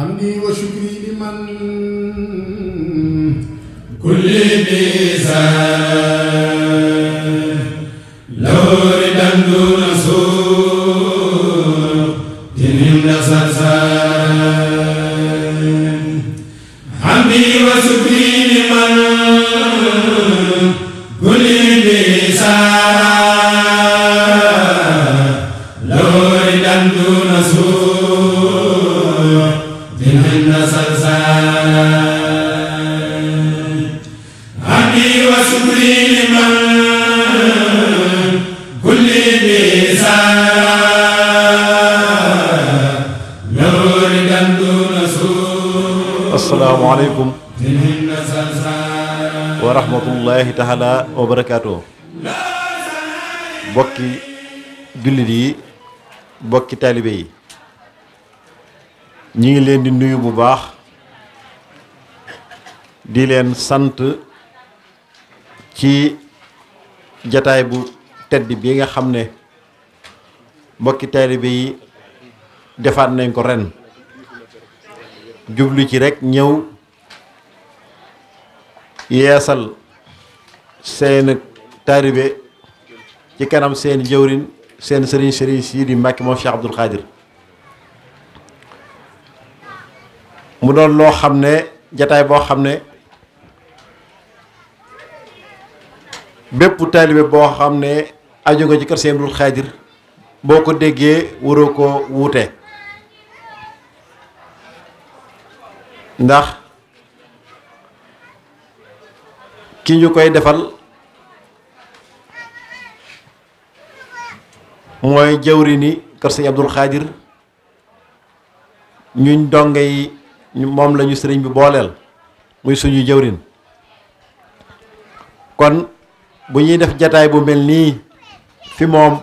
حمدي وشكري لمن كل ميزان لو ردمت rahmatullahi taala wa barakaatu bokki jullit yi bokki taalibe yi ñi ngi leen di nuyu bu baax di leen sant ci jataay bu tedd bi nga xam ne bokki taalibe yi defaat nañ ko ren jublu ci rekk ñëw yeesal seen taaribe ci kanam seen jëwrin seen sëriñ sëriñ Sidi Mbàkke moom Cheikh Abdoul Khadir mu doon loo xam ne jataay boo xam ne bépp taalibe boo xam ne aju nga ci kër seen Abdoul Khadir boo ko déggee waroo ko wuute ndax ki ñu koy defal mooy jawri ni kër sëñ Abdul Xaadir ñuñ donge yi moom lañu sëriñ bi booleel muy suñu jawrin kon bu ñuy def jataay bu mel nii fi moom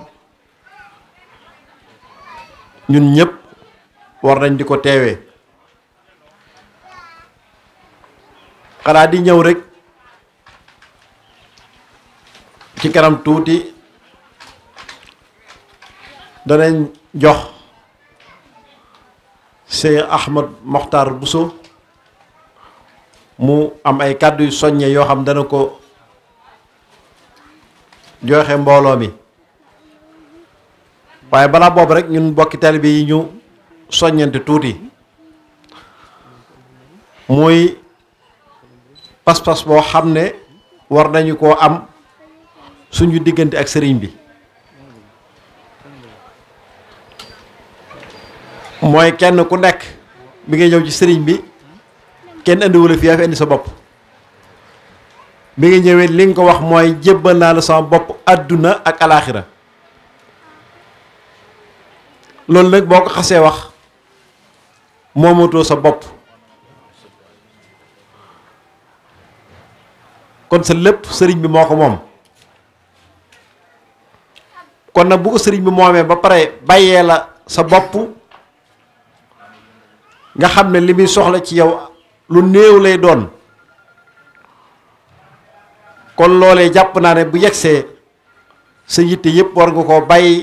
ñun ñëpp war nañ di ko teewe xalaa di ñëw rekk ci kanam tuuti danañ jox Cheikh Ahmad Mokhtar Bousso mu am ay kàddu yu soññe yoo xam dana ko joxe mbooloo mi waaye balaa boobu rek ñun bokki bi yi ñu soññante tuuti muy pas-pas boo xam ne war nañu koo am suñu diggante ak sëriñ bi mooy kenn ku nekk bi ngay ñëw ci sëriñ bi kenn indiwu la fi yaa indi sa bopp bi nga ñëwee li nga ko wax mooy jébbal naa la sama bopp àdduna ak alaaxira loolu nag boo ko xasee wax moomatoo sa bopp kon sa lépp sëriñ bi moo ko moom kon nag bu ko sëriñ bi moomee ba pare bàyyee la sa bopp nga xam ne li muy soxla ci yow lu néew lay doon kon loolee jàpp naa ne bu yegsee sa yitte yépp war nga koo bàyyi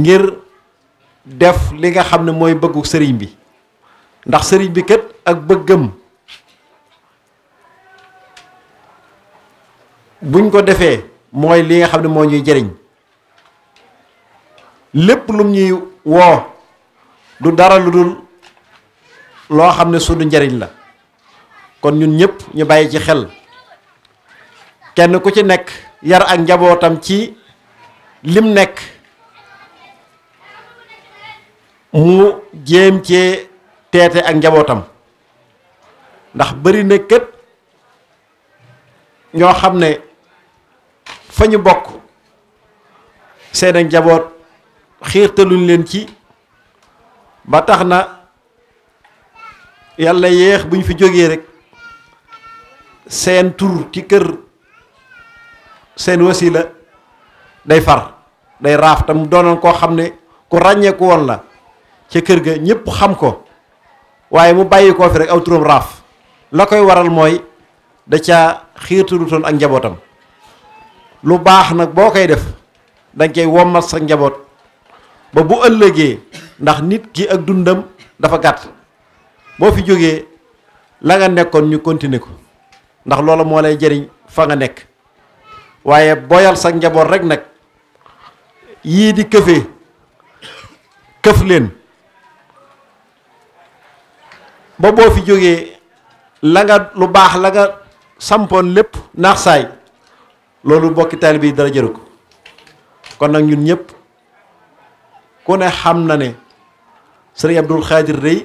ngir def li nga xam ne mooy bëggu sëriñ bi ndax sëriñ bi kat ak bëggam buñ ko defee mooy li nga xam ne moo ñuy jëriñ lépp lum ñuy woo du dara lu dul loo xam ne sunu njariñ la kon ñun ñëpp ñu bàyyi ci xel kenn ku ci nekk yar ak njabootam ci lim nekk mu jéem cee teete ak njabootam ndax bari na kët ñoo xam ne fa ñu bokk seen ak njaboot xiirtaluñ leen ci ba tax na yàlla yéex bu ñu fi jógee rek seen tur ci kër seen wasila day far day raaf tam doonoon koo xam ne ku ràññeeku woon la ca kër ga ñépp xam ko waaye mu bàyyi koo fi rek aw turam raaf la koy waral mooy da caa xiirtalutoon ak njabootam lu baax nag boo koy def danga koy wommat sa njaboot ba bu ëllëgee ndax nit kii ak dundam dafa gàtt boo fi jógee la nga nekkoon ñu continuer ko ndax loolu moo lay jëriñ fa nga nekk waaye boyal sa njaboot rek nag yii di këfe këf leen ba boo fi jógee la nga lu baax la nga sampoon lépp naax saay loolu bokki taalibe yi dara jëru ko kon nag ñun ñëpp ku ne xam na ne sëriñ Abdul Xaadir rëy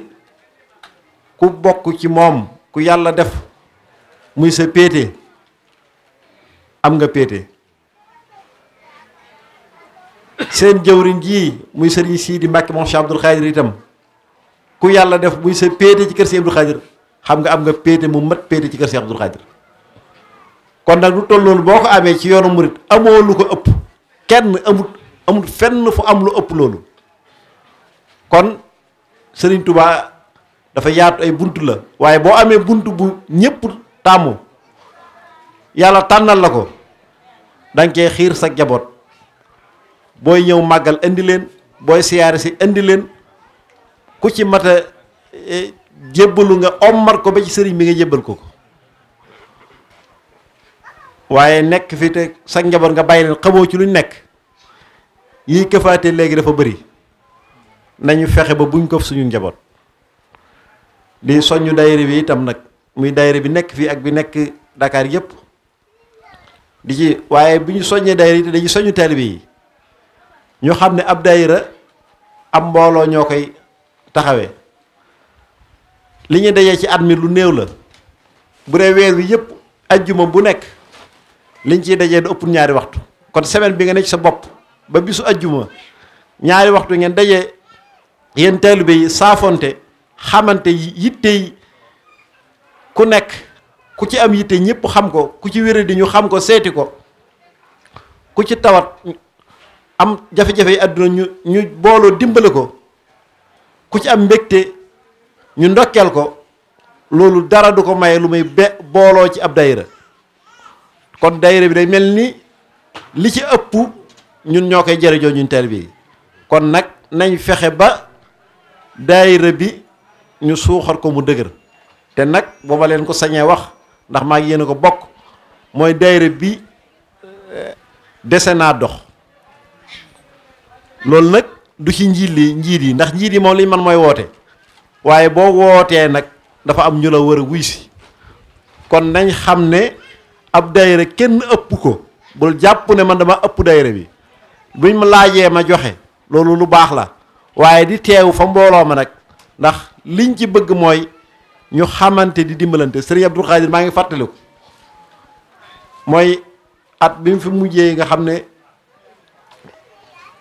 ku bokk ci moom ku yàlla def muy sa péete am nga péete seen jëwriñ jii muy sëriñ Sidi Mbàkke moom Cheikh Abdul Xaadir itam ku yàlla def muy sa péete ci kër si Abdul Xaadir xam nga am nga péete mu mat péete ci kër si Abdul Xaadir kon nag lu toll loolu boo ko amee ci yoonu murit amoo lu ko ëpp kenn amut amul fenn fu am lu ëpp loolu kon sëriñ tubaa dafa yaatu ay bunt la waaye boo amee bunt bu ñépp tàmmu yàlla tànnal la ko danga cee xiir sa njaboot booy ñëw màggal indi leen booy siyaare si indi leen ku ci mat a eh, jébbalu nga ommat ko ba ci sëriñ bi nga jébbal ko ko waaye nekk fi te sa njaboot nga bàyyi leen xamoo ci luñ nekk yiy këfaate léegi dafa bëri nañu fexe ba buñ ko suñu njaboot li soññu dayre bi itam nag muy dayre bi nekk fii ak bi nekk Dakar yëpp di ci waaye bu ñu soññee daayira yi dañuy soññu taalibe yi ñu xam ne ab daayira am mbooloo ñoo koy taxawee li ñuy dajee ci at mi lu néew la bu dee weer wi yëpp ajjuma bu nekk liñ ciy dajee du ëpp ñaari waxtu kon semaine bi nga nekk sa bopp ba bisu ajjuma ñaari waxtu ngeen daje yéen taalibe yi saafonte xamante yitte yi ku nekk ku ci am yitte ñëpp xam ko ku ci wéré di ñu xam ko seeti ko ku ci tawat am jafe-jafe yi àdduna ñu ñu booloo dimbale ko ku ci am mbégte ñu ndokkeel ko loolu dara du ko maye lu muy be booloo ci ab dayra kon dayra bi day mel ni li ci ëpp ñun ñoo koy jëriñoo ñun tarbiya kon nag nañ fexe ba daayira bi ñu suuxar ko mu dëgër te nag bu ma leen ko sañee wax ndax maa ngi yéen ko bokk mooy daayira bi euh, dese naa dox loolu nag du ci njiit li njiit yi ndax njiit yi moom liñ man mooy woote waaye boo wootee nag dafa am ñu la war a wuy si kon nañ xam ne ab daayira kenn ëpp ko bul jàpp ne man dama ëpp daayira bi buñ ma laajee ma joxe loolu lu baax la waaye di teew fa mbooloo ma nag ndax liñ ci bëgg mooy ñu xamante di dimbalante sëriñ Abdou Khadir maa ngi fàttaliku mooy at bi mu fi mujjee nga xam ne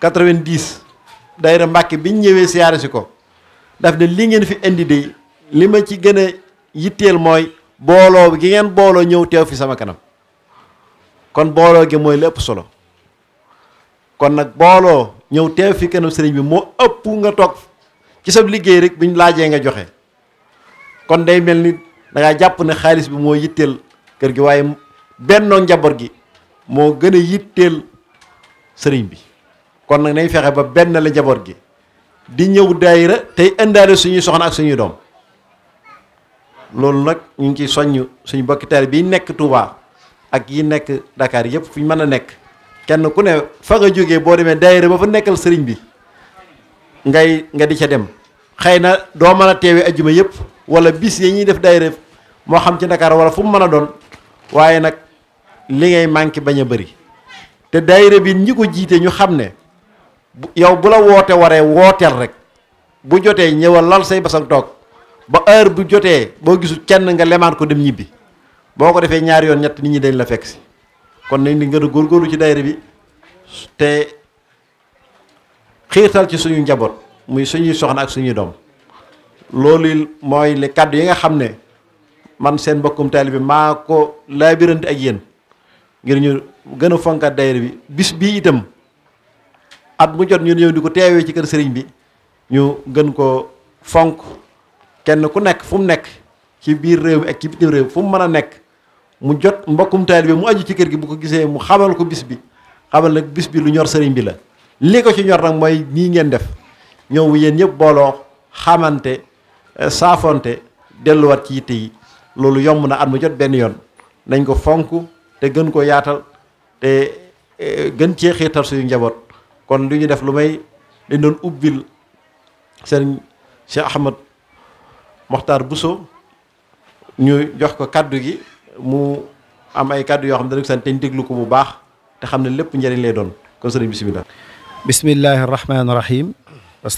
90 daayira Mbàkke biñ ñëwee siyaare si ko daf ne li ngeen fi indi de li ma ci gën a yitteel mooy booloo gi ngeen booloo ñëw teew fi sama kanam kon booloo gi mooy lépp solo kon nag booloo ñëw teew fi kanam sëriñ bi moo ëpp nga toog ci sa liggéey rek ñu laajee nga joxe kon day mel ni da jàpp ne xaalis bi moo yitteel kër gi waaye bennoo njaboot gi moo gën a yitteel sëriñ bi kon nag nañ fexe ba benn la njaboot gi di ñëw daayira tey indaale suñuy soxna ak suñuy doom loolu nag ñu ngi ciy soññ suñu bokki taal bi nekk Touba ak yi nekk Dakar yëpp fu mën a nekk. kenn ku ne fa nga jógee boo demee daayira ba fa nekkal sëriñ bi ngay nga di ca dem xëy na doo mën a teewee ajjuma yëpp wala bis yi ñuy def daayira moo xam ci Dakar wala fu mu mën a doon waaye nag li ngay manqué bañ a bëri te daayira bi ñi ko jiite ñu xam ne yow bu la woote waree wooteel rek bu jotee ñëwal lal say basang toog ba heure bu jotee boo gisul kenn nga lemaat ko dem ñibbi boo ko defee ñaari yoon ñett nit ñi dañ la fekk si kon nañ di gën a góorgóorlu ci daayira bi te xiirtal ci suñu njaboot muy suñuy soxna ak suñuy doom loolu mooy li kàddu yi nga xam ne man seen mbokkum taalibe bi maa ko laabirante ak yéen ngir ñu gën a fonkat daayira bi bis bii itam at mu jot ñu ñëw di ko teewee ci kër sëriñ bi ñu gën ko fonk kenn ku nekk fu mu nekk ci biir réew bi ak ci bitim réew fu mu mën a nekk mu jot mbokkum taalibe mu aju ci kër gi bu ko gisee mu xamal ko bis bi xamal nag bis bi lu ñor sëriñ bi la li ko ci ñor nag mooy nii ngeen def ñëw yéen ñëpp booloo xamante eh, saafonte delluwaat ci yitte yi loolu yomb na at mu jot benn yoon nañ ko fonk te gën ko yaatal te eh, gën cee xiirtal suñu njaboot kon li ñu def lu may dañ doon ubbil sëriñ Cheikh Ahmad Mokhtar Bousso ñu jox ko kàddu gi mu am ay kàddu yoo xam ne dañu sant te ñu ko bu baax te xam ne lépp njëriñ lay doon kon sëriñ bisimilah. bismillahi rahmaani rahim. wa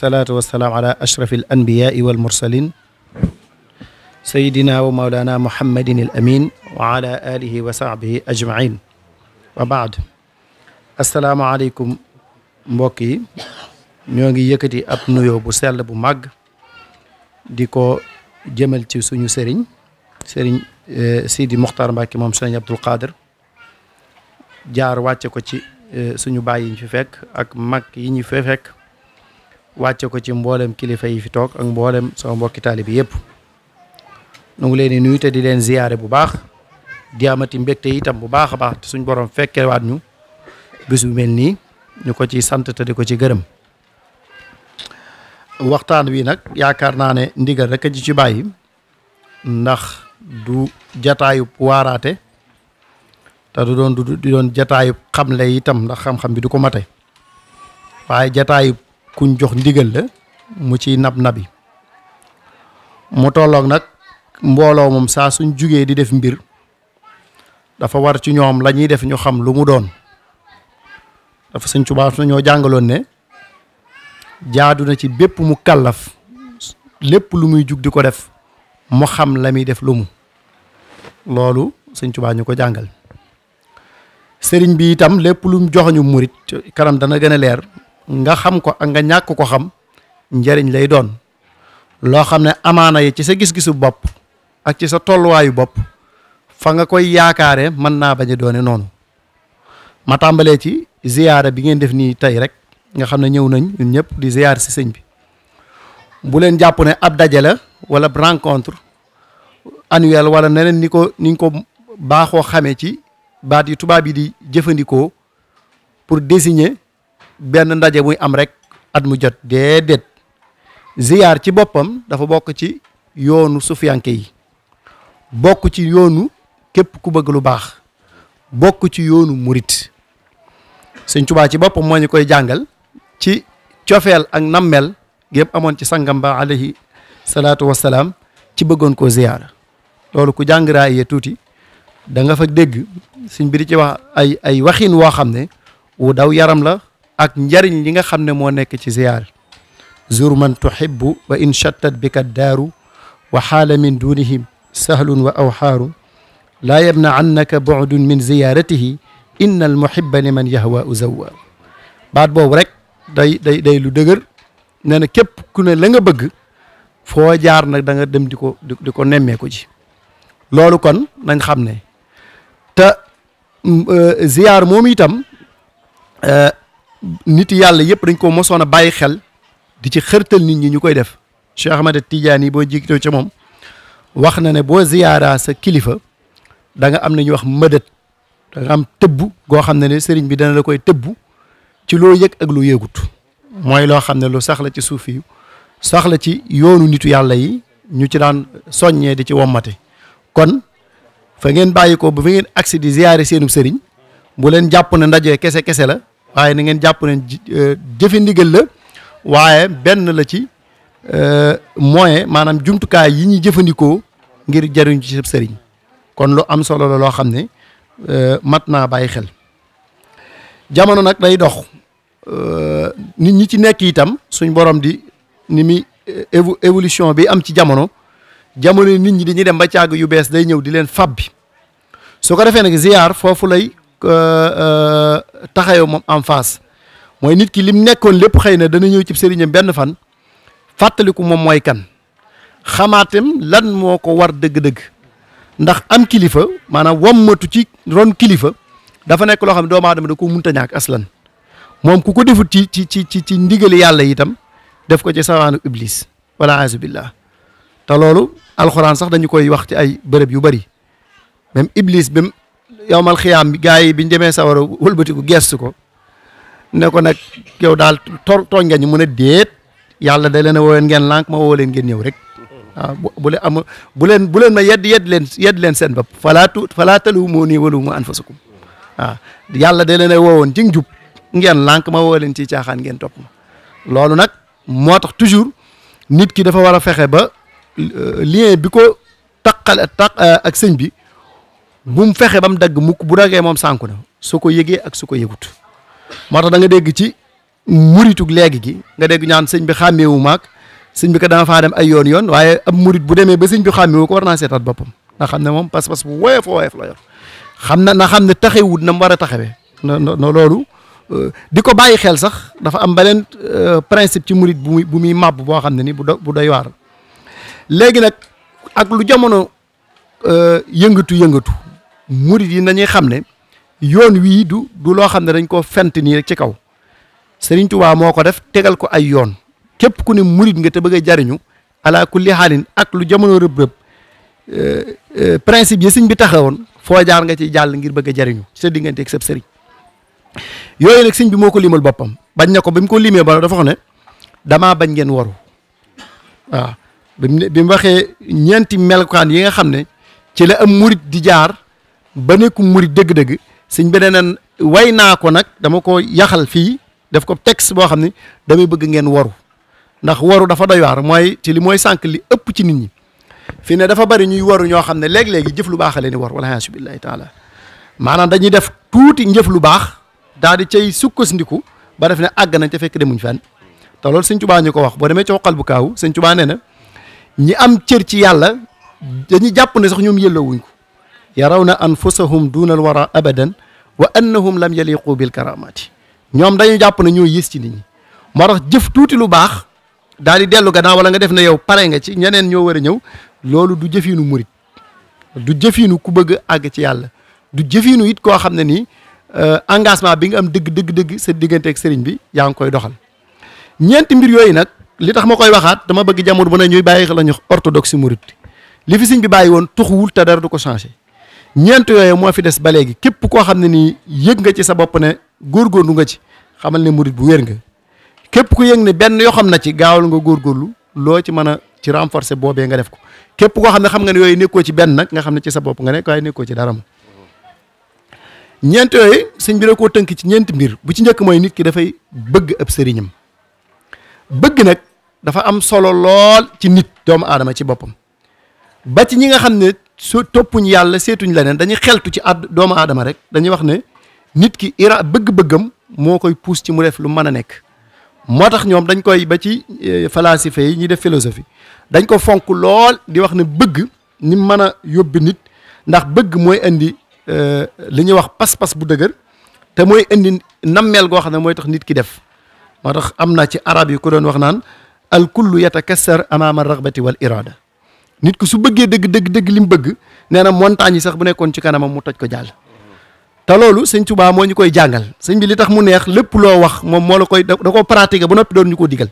maulana muhammadin al amin wa ala ajmain wa baad asalaamaaleykum mbokk yi ñoo ngi yëkkati ab nuyoo bu sell bu màgg di ko jëmal ci suñu sëriñ Eh, Sidi Mokhtar Mbacke moom sëñ Abdul Qadir jaar wàcce ko ci eh, suñu baay yi ñu fi fekk ak mag yi ñu fi fekk wàcce ko ci mboolem kilifa yi fi toog ak mboolem soo mbokki taalibe yëpp nu ngi leen di nuyu te di leen ziyaare bu baax di amati mbégte itam bu baax a baax suñ suñ borom waat ñu bis mel nii ñu ko ci sant te ko ci gërëm waxtaan wi nag yaakaar naa ne ndigal rek a ji ci bàyyi ndax du jataayub waaraate te du doon du doon jataayub xamle itam ndax xam-xam bi du ko mate waaye jataayub kuñ jox ndigal la mu ci nab nabi mu tollook nag mbooloo moom saa suñ jugee di def mbir dafa war ci ñoom lañuy def ñu xam lu mu doon dafa suñ tubaab su jàngaloon ne jaadu na ci bépp mu kallaf lépp lu muy jug di ko def mu xam la muy def lu mu loolu sëñ Tuubaa ñu ko jàngal sëriñ bi itam lépp lum joxoñu murit kanam dana gën a leer nga xam ko ak nga ñàkk ko xam njariñ lay doon loo xam ne amaana yi ci sa gis-gisu bopp ak ci sa tolluwaayu bopp fa nga koy yaakaare mën naa bañ a doone noonu ma tàmbalee ci ziyaara bi ngeen def nii tey rek nga xam ne ñëw nañ ñun ñëpp di ziyaar si sëñ bi bu leen jàpp ne ab daje la wala rencontre annuel wala neneen ni ko niñ ko baaxoo xamee ci baat yi tubaab yi di jëfandikoo pour désigner benn ndaje muy am rek at mu jot déedéet ziyaar ci boppam dafa bokk ci yoonu sufiyanke yi bokk ci yoonu képp ku bëgg lu baax bokk ci yoonu murit sëñ Tuubaa ci boppam moo ñu koy jàngal ci cofeel ak nammeel gépp amoon ci sangam ba alayhi salaatu wassalaam ci bëggoon koo ziyaara loolu ku jàng raaya tuuti danga nga fa dégg suñ bi ci wax ay ay waxin woo xam ne wu daw yaram la ak njariñ li nga xam ne moo nekk ci ziyaar zur man tuhibbu wa in chattat bika daaru wa xaala min dunihim sahlun wa awxaaru laa yabna annaka bu'dun min ziyaaratihi inna al muhibba li man yahwa uzawwa baat boobu rek day day day lu dëgër nee na képp ku ne la nga bëgg foo jaar nag danga nga dem di ko di ko nemmeeku ci loolu kon nañ xam ne te mm, euh, ziyaar moom itam euh, nit yàlla yëpp dañ ko mosoon a bàyyi xel di ci xërtal nit ñi ñu koy def Cheikh Ahmad yi boo jigitoo ca moom wax na ne boo ziyaara sa kilifa da am na ñuy wax mëdët da nga am tëbb goo xam ne ne sëriñ bi dana la koy tëbb ci loo yëg ak lu yëgut mooy loo xam ne lu sax la ci suuf yi sax la ci yoonu nitu yàlla yi ñu ci daan soññee di ci wommate kon fa ngeen bàyyi ko bu fi ngeen agsi di ziyaare seenub sëriñ bu leen jàpp ne ndaje kese kese la waaye na ngeen jàpp ne euh, jëfe ndigal la waaye benn la ci euh, moyen maanaam jumtukaay yi ñuy jëfandikoo ngir jariñ ci sëriñ kon lu am solo la loo xam ne euh, mat naa bàyyi xel jamono nag day dox nit ñi ci nekk itam suñ borom di ni muy évolution bi am ci jamono jamono nit ñi dañuy dem ba càgg yu bees day ñëw di leen fab bi su ko defee nag ziar foofu lay euh, euh, taxayoo moom en face mooy nit ki lim nekkoon lépp xëy na dana ñëw ci sëriñam benn fan fàttaliku moom mooy kan xamaatam lan moo ko war dëgg-dëgg ndax am kilifa maanaam wommatu ci ron kilifa dafa nekk loo xam ne doomu aadama da ko munta ñàkk aslan moom ku ko defut ci ci ci ci ndigal yàlla itam def ko ci sawaanu iblis wala billah te loolu alxuraan sax dañu koy wax ci ay bërëb yu bari même iblis bi yowmal xiyaam bi gars yi biñ demee sawara wëlbatiku gestu ko ne ko nag yow daal tor tooñ nga ñu mën a déet yàlla da leen a woowoon ngeen lànk ma woo ngeen ñëw rek waaw am bu leen bu leen ma yedd yedd leen yedd leen seen bopp falaa tu falaa taluumuunii wa luumuu anfusakum waaw yàlla da leen a woowoon ci njub ngeen lànk ma woo leen ci caaxaan ngeen topp ma loolu nag moo tax toujours nit ki dafa war a fexe ba lien bi ko taqal taq euh, ak sëñ bi bu mu fexe ba mu dagg mukk bu daggee moom sànku na su ko yëgee ak su ko yëgut moo tax da nga dégg ci muritug léegi gi nga dégg ñaan sëñ bi xàmmeewu maag sëñ bi ko dama faa dem ay yoon yoon waaye ab murit bu demee ba sëñ bi xàmmeewu ko war naa seetaat boppam ndax xam ne moom pas-pas bu woyof woyof la yor xam na na xam ne taxewut na war a taxawee na loolu euh, di ko bàyyi xel sax dafa am beneen euh, principe ci murit bu muy bu muy màbb boo xam ne nii bu doy waar léegi nag ak lu jamono euh, yëngatu yëngatu murit yi nañuy xam ne yoon wii du du loo xam ne dañ koo fent nii rek ci kaw Serigne waa moo ko def tegal ko ay yoon képp ku ne murit nga te bëgg jariñu ala kulli xaalin ak lu jamono rëb-rëb euh, euh, principe yi sëñ bi taxawoon foo jaar nga ci jàll ngir bëgg jariñu sa diggante ak sab sëriñ yooyu nag sëñ bi moo ko limal boppam bañ na ko ba mu ko limee ba dafa xam ne damaa bañ ngeen waru bi mu bi mu waxee ñeenti melokaan yi nga xam ne ci la am murit di jaar ba nekku murit dëgg-dëgg sëñ bi nee way naa ko nag dama ko yaxal fii def ko text boo xam ne damay bëgg ngeen waru ndax waru dafa doy waar mooy ci li mooy sànq li ëpp ci nit ñi fi ne dafa bari ñuy waru ñoo xam ne léeg-léegi jëf lu baax a leen war wala yaasu billahi taala maanaam dañuy def tuuti njëf lu baax daal di cay sukkandiku ba def ne àgg nañ te fekk demuñ fenn te loolu sëñ Tuubaa ko wax boo demee ci xoqal bu kaaw sëñ Tuubaa na ñi am cër ci yàlla dañu jàpp ne sax ñoom yellawuñ ko yaraw na anfusahum duna al wara abadan wa annahum lam yaliqu bil karamati ñoom dañu jàpp na ñoo yées ci nit ñi moo tax jëf tuuti lu baax daal di dellu gannaaw wala nga def na yow pare nga ci ñeneen ñoo war a ñëw loolu du jëfiinu murit du jëfiinu ku bëgg àgg ci yàlla du jëfiinu it koo xam ne nii euh, engagement bi nga am dëgg dëgg dëgg sa digganteeg sëriñ bi yaa ngi koy doxal ñeenti mbir yooyu nag li tax ma koy waxaat dama bëgg jamono bu ne ñuy bàyyi la ñu orthodoxie murit li fi sëñ bi bàyyi woon wul te dara du ko changé ñeent yooyu moo fi des ba léegi képp koo xam ne nii yëg nga ci sa bopp ne góorgóorlu nga ci xamal ne murit bu wér nga képp ku yëg ne benn yoo xam na ci gaawal nga góorgóorlu loo ci mën a ci renforcer boobee nga def ko képp koo xam ne xam nga ne yooyu nekkoo ci benn nag nga xam ne ci sa bopp nga nekk waaye ci dara sëñ bi da koo tënk ci ñeenti mbir bu ci njëkk mooy nit ki dafay bëgg ab sëriñam bëgg nag dafa am solo lool ci nit doomu aadama ci boppam ba ci ñi nga xam ne so toppuñ yàlla seetuñ leneen dañuy xeltu ci àdd doomu aadama rek dañuy wax ne nit ki ira bëgg-bëggam moo koy pousse ci mu def lu mën a nekk moo tax ñoom dañ koy ba ci falasife eh, yi ñuy def philosophie dañ ko fonk lool di wax ne bëgg ni mën a yóbbi nit ndax bëgg mooy indi eh, li ñuy wax pas-pas bu dëgër te mooy indi nammeel goo xam ne mooy tax nit ki def moo tax am naa ci arab yi ku doon wax naan al kullu yatakassar amaama ragbati wal irada nit ku su bëggee dëgg dëgg dëgg li mu bëgg nee na montagne yi sax bu nekkoon ci kanamam mu toj ko jàll te loolu sëñ Tuubaa moo ñu koy jàngal sëñ bi li tax mu neex lépp loo wax moom moo la koy da koo pratique ba noppi doon ñu ko digal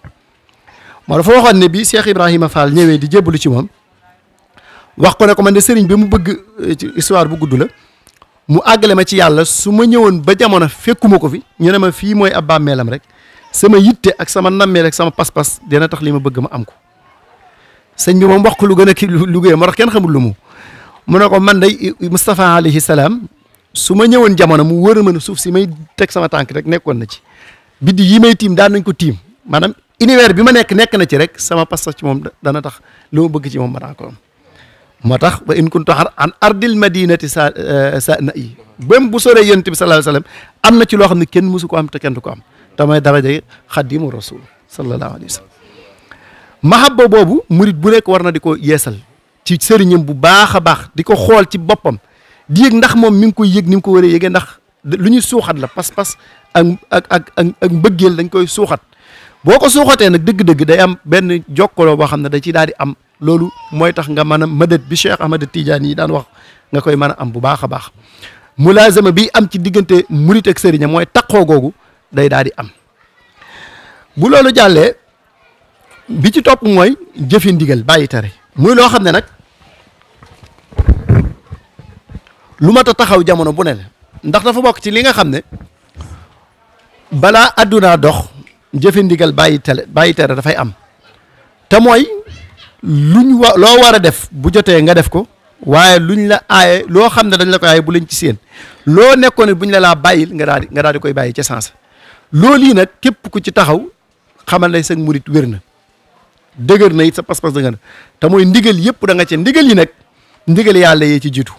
moo dafa waxoon ne bi Cheikh Ibrahima Fall ñëwee di jébbalu ci moom wax ko ne ko man de sëriñ bi mu bëgg eh, ci histoire bu gudd la mu àggale ma ci yàlla su ma ñëwoon ba jamono fekkuma ko fi ñu ma fii mooy ab bàmmeelam rek sama yitte ak sama nammeel ak sama pas-pas dina tax li ma bëgg ma am ko sëñ bi moom wax ko lu gën a kii lu liggéey moo tax kenn xamul lu mu mu ne ko man day Moustapha alayhi salaam su ma ñëwoon jamono mu wër ma ne suuf si may teg sama tànk rek nekkoon na ci biddi yi may tiim daan nañ ko tiim maanaam univers bi ma nekk nekk na ci rek sama pas-pas ci moom dana tax li ma bëgg ci moom ma ko am moo tax ba in kuntu an ardil madinati sa eh, sa na yi bém bu soree yonent bi sallallahu alayhi ci loo xam ne kenn mësu ko am te kenn du ko am damay darajay xadimu rasul sallallahu alayhi wa sallam mahabba boobu murit bu nekk war na di ko yeesal ci sëriñam bu baax a baax di ko xool ci boppam di yëg ndax moom mi ngi koy yëg ni mu ko waree a ndax lu ñuy suuxat la pas-pas ak ak ak ak mbëggeel dañ koy suuxat boo ko suuxatee nag dëgg-dëgg day am benn jokkaloo boo xam ne da ciy daal di am loolu mooy tax nga mën a mëdët bi Cheikh Ahmad tiijaan yi daan wax nga koy mën a am bu baax a baax mulaazama bi am ci diggante murit ak sëriñam mooy taqoo googu day daal di am bu loolu jàllee bi ci topp mooy jëfi ndigal bàyyi tere muy loo xam ne nag lu mat a taxaw jamono bu ne la ndax dafa bokk ci li nga xam ne balaa àddunaa dox jëfi ndigal bàyyi tere bàyyi tere dafay am te mooy luñ wa loo war a def bu jotee nga def ko waaye ñu la aaye loo xam ne dañ la ko aaye bu lañ ci seen loo nekkoon ne ñu la laa bàyyil nga daal di nga daal di koy bàyyi ca sansa loolu yi nag képp ku ci taxaw xamal ne sag murit wér na dëgër na it sa pas-pas dëgër na te mooy ndigal yëpp da nga ci ndigal yi nag ndigal yàlla yee ci jiitu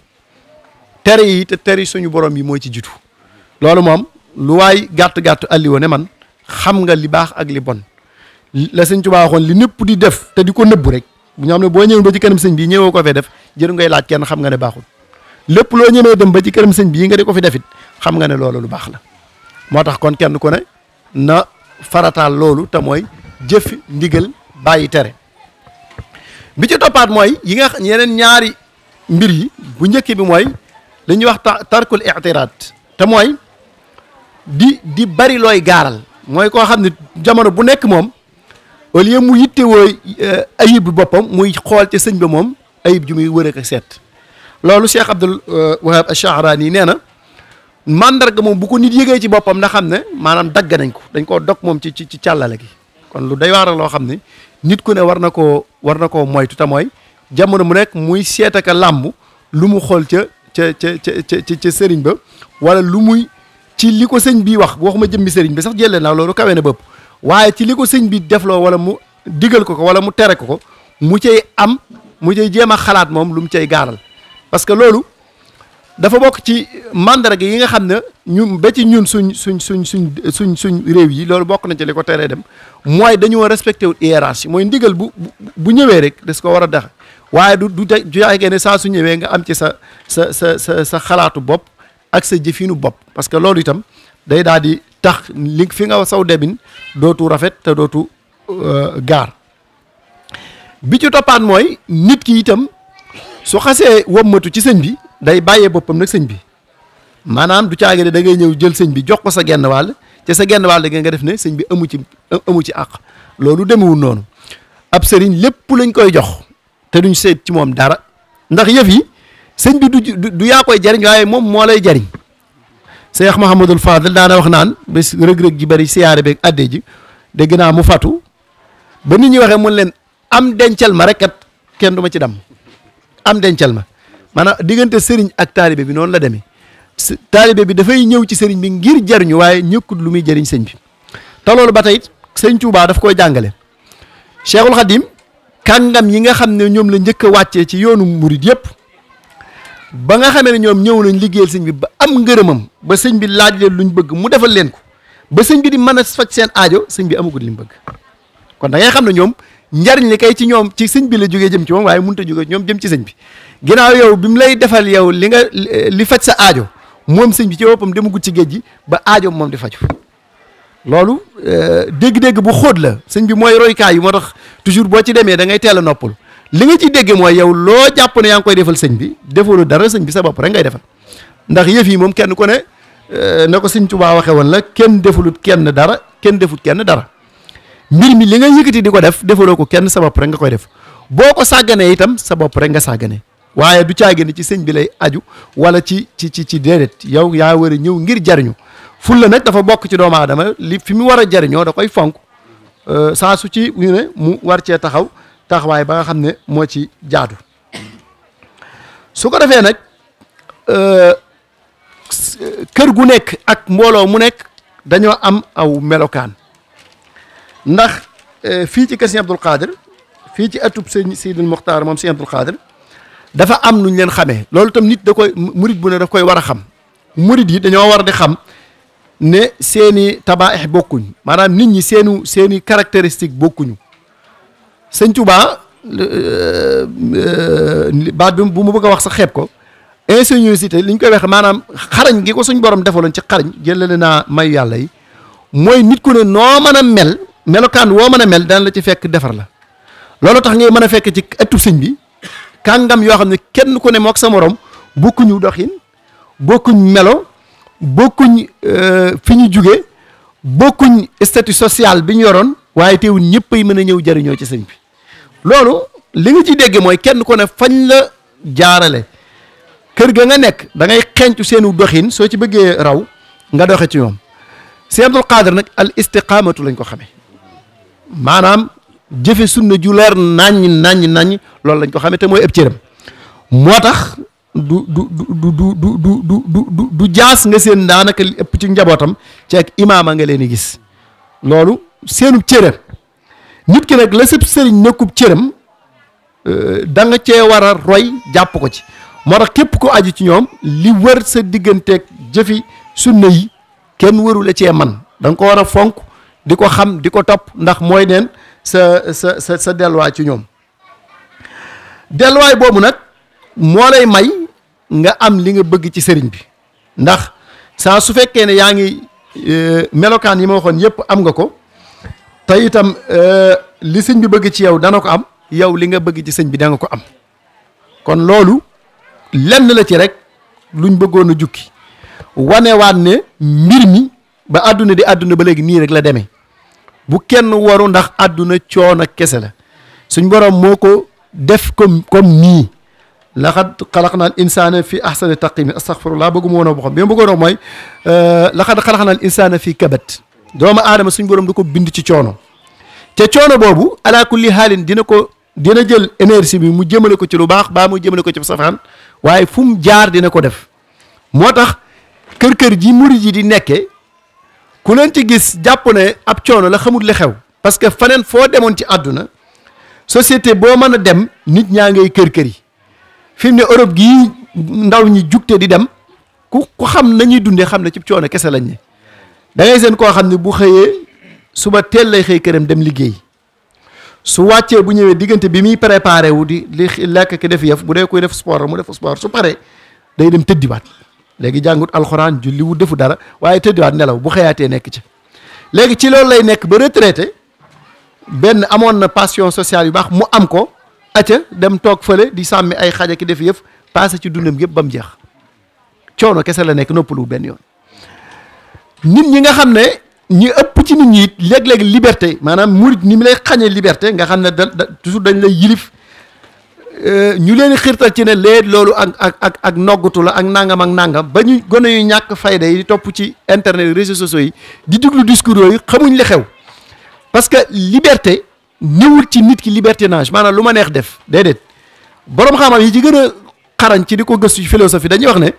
tere yi te tere suñu borom yi mooy ci jiitu loolu moom lu waay gàtt-gàtt alliwoo ne man xam nga li baax ak li bon la sëñ Tuubaa li ñëpp di def te di ko nëbbu rek bu ñu xam ne boo ñëwee ba ci kanam sëñ bi ñëwoo ko fee def jërë ngay laaj kenn xam nga ne baaxul lépp loo ñemee dem ba ci kanam sëñ bi nga di ko fi defit xam nga ne loolu lu baax la moo tax kon kenn ku ne na farataal loolu te mooy jëfi ndigal bàyyi tere bi ci toppaat mooy yi nga yeneen ñaari mbir yi bu njëkk bi mooy li wax tarkul i'tiraad te mooy di di bari looy gaaral mooy koo xam ne jamono bu nekk moom au lieu mu yittewoo euh, ayib boppam muy xool ci sëñ bi moom ayib ju muy wër ak seet loolu Cheikh Abdul euh, Wahab Ash-Sha'rani nee na mandarga moom bu ko nit yëgee ci boppam na xam ne maanaam dagg nañ ko dañ koo dog moom ci ci ci càllale gi kon lu day waara loo xam ne nit ku ne war na koo war na koo moytu te mooy jamono mu nekk muy seet ak làmb lu mu xool ca ca ca ca ca sëriñ ba wala lu muy ci li ko sëñ bi wax waxuma jëmmi sëriñ bi sax jëlee naa loolu kawe ne bëpp waaye ci li ko sëñ bi defloo wala mu digal ko ko wala mu tere ko ko mu cay am mu cay jéem a xalaat moom lu mu cay gaanal parce dafa bokk ci mandarga yi nga xam ne ñu ba ci ñun suñ suñ suñ suñ suñ suñ réew yi loolu bokk nañ ci li ko teree dem mooy dañoo respecté wul hiérarchie mooy digal bu bu ñëwee rek des ko war a dexe waaye du du du yaay ne saa su ñëwee nga am ci sa sa sa sa sa xalaatu bopp ak sa jëfinu bopp parce que loolu itam day daal di tax li fi nga saw debin dootu rafet te dootu euh, gaar bi ci toppaat mooy nit ki itam su xasee wommatu ci sëñ bi day bàyyee boppam nag sëñ bi maanaam du caage ne da ngay ñëw jël sëñ bi jox ko sa genn wàll te sa genn wàll gi nga def ne sëñ bi amu ci amu ci àq loolu demewul noonu ab sëriñ lépp lañ koy jox te duñ seet ci moom dara ndax yëf yi sëñ bi du du yaa koy jariñ waaye moom moo lay jariñ Cheikh Mahamadul Fadel daana wax naan bés rëg-rëg ji bari siyaare beeg addee ji dégg mu fattu ba nit ñi waxee mun leen am denceel ma rek kenn du ma ci dam am denceel ma maanaam diggante sëriñ ak taalibe bi noonu la demee taalibe bi dafay ñëw ci sëriñ bi ngir jariñu waaye ñëkkut lu muy jariñ sëñ bi te loolu ba tey sëñ Tuubaa daf koy jàngale Cheikhul Khadim kàngam yi nga xam ne ñoom la njëkk a wàccee ci yoonu murid yëpp ba nga xamee ne ñoom ñëw nañ liggéeyal sëñ bi ba am ngërëmam ba sëñ bi laaj leen luñ bëgg mu defal leen ko ba sëñ bi di mën a faj seen aajo sëñ bi amagut li mu bëgg kon da xam ne ñoom njariñ li kay ci ñoom ci sëñ bi la jógee jëm ci moom waaye mënut a jógee ñoom jëm ci sëñ bi ginnaaw yow bi mu lay defal yow li nga li faj sa aajo moom sëñ bi ci woppam boppam demagut ci géej gi ba aajo moom di faju loolu euh, dégg-dégg bu xóot la sëñ bi mooy roykaay yu moo tax toujours boo ci demee dangay ngay teel a noppul li nga ci dégg mooy yow loo jàpp ne yaa ngi koy defal sëñ bi defaloo dara sëñ bi sa bopp rek ngay defal ndax yëf yi moom kenn ku ne euh, na ko sëñ Tuubaa waxe woon la kenn defalut kenn dara kenn defut kenn dara mbir mi li nga yëkkati di ko def defaloo ko kenn sa bopp nga koy def boo ko sàgganee itam sa bopp rek nga sàggane waaye du caagin ci sëñ bi lay aju wala ci ci ci ci déedéet yow yaa war a ñëw ngir jariñu fulla nag dafa bokk ci doomu aadama li fi mu war a jariñoo da koy fonk euh, saa su ci ñu mu war cee taxaw taxawaay ba nga xam ne moo ci jaadu su ko defee nag euh, kër gu nekk ak mbooloo mu nekk dañoo am aw melokaan ndax eh, fii ci kër Sëñ Abdul Xaadir fii ci atub sëñ Seydil Muxtaar moom Sëñ Abdul Xaadir dafa am nuñ leen xame loolu tam nit da koy murit bu ne daf koy war a xam murit yi dañoo war di xam ne seeni tabaax bokkuñu maanaam nit ñi seenu seeni caractéristique bokkuñu sëñ Tuubaa euh, euh, baat bi bu ma bëgg a wax sax xeeb ko ingéniosité li ñu koy waxee maanaam xarañ gi ko suñ borom defoo lañ ci xarañ jëlale naa may yàlla yi mooy nit ku ne noo mën a mel melokaan woo mën a mel dana la ci fekk defar la loolu tax ngay mën a fekk ci ëttu sëñ bi kàngam yoo xam ne kenn ko ne mook sa morom bokkuñu doxin bokkuñ melo bokkuñ euh, fi ñu jóge bokkuñ statut social bi ñu yoroon waaye teewul ñëpp ay mën a ñëw jariñoo ci sëñ bi loolu li nga ci dégg mooy kenn ko ne fañ la jaarale kër ga nga nekk dangay ngay xencu seenu doxin soo ci bëggee raw nga doxe ci ñoom Seex Abdul nag al istiqaamatu lañ ko xamee maanaam jëfe sunna ju leer naññ naññ nañ loolu lañ ko xamee te mooy ëpp cëram moo tax du du du du du du du jaas nga seen daanaka li ëpp ci njabootam ci ak imaama nga leen di gis loolu seenub cëram nit ki nag la sëb sëriñ nekkub cëram danga cee war a roy jàpp ko ci moo tax képp ko aju ci ñoom li wër sa digganteeg jëfi sunna yi kenn wëru cee man danga ko war a fonk di ko xam di ko topp ndax mooy neen sa sa sa sa delluwaay ci ñoom delluwaay boobu nag moo lay may nga am li nga bëgg ci sëriñ bi ndax saa su fekkee ne yaa ngi e, melokaan yi ma waxoon yépp am nga ko te itam e, li sëñ bi bëgg ci yow dana ko am yow li nga bëgg ci sëñ bi danga ko am kon loolu lenn la ci rek luñ bëggoon a jukki wanewaat ne mbir mi ba àdduna di àdduna ba léegi nii rek la demee bu kenn waru ndax àdduna coono kese la suñ borom moo ko def comme comme nii laxad xalaqnaal insaana fi ahsani taqimi astaghfirullah bëgg ma woon a waxoon bi ma bëggoon a la mooy euh, laxad na insaana fi kabat doomu aadama suñ borom du ko bind ci coono te coono boobu ala kulli haalin dina ko dina jël énergie bi mu jëmale ko ci lu baax baa mu jëmale ko ci safaan waaye fu mu jaar dina ko def moo tax kër kër ji murid ji di nekkee ku leen ci gis jàpp ne ab coono la xamul li xew parce que faneen foo demoon ci àdduna société boo mën a dem nit ñaa ngay kër kër yi fi mu ne Europe gii ndaw ñi jugte di dem ku ku xam nañuy dundee xam ne ci coono kese lañ ne da seen koo xam ne bu xëyee suba teel lay xëy këram dem liggéey su wàccee bu ñëwee diggante bi muy préparé wu di li lekk ki def yëf bu dee koy def sport mu def sport su paree day dem tëddiwaat. léegi jàngut alxuraan julli wu defu dara waaye waat nelaw bu xëyaatee nekk ci léegi ci loolu lay nekk ba retraité benn amoon na passion sociale yu baax mu am ko acca dem toog fële di sàmmi ay xaja ki def yëf passé ci dundam yëpp ba mu jeex coono kese la nekk noppalu benn yoon nit ñi nga xam ne ñi ëpp ci nit ñi it léeg-léeg liberté maanaam murit ni mu lay xañee liberté nga xam ne da toujours dañ lay yilif Euh, ñu leen xirtal ci ne léeg loolu ak ak ak ak noggutu la ak nangam ak nangam ba ñu gone yu ñàkk fayda yi di topp ci internet réseaux sociaux yi di déglu discours yooyu xamuñ li xew parce que liberté ñëwul ci nit ki libertinage maanaam lu ma neex def déedéet borom xam-xam yi ci gën a xarañ ci di ko gëstu ci philosophie dañuy wax ne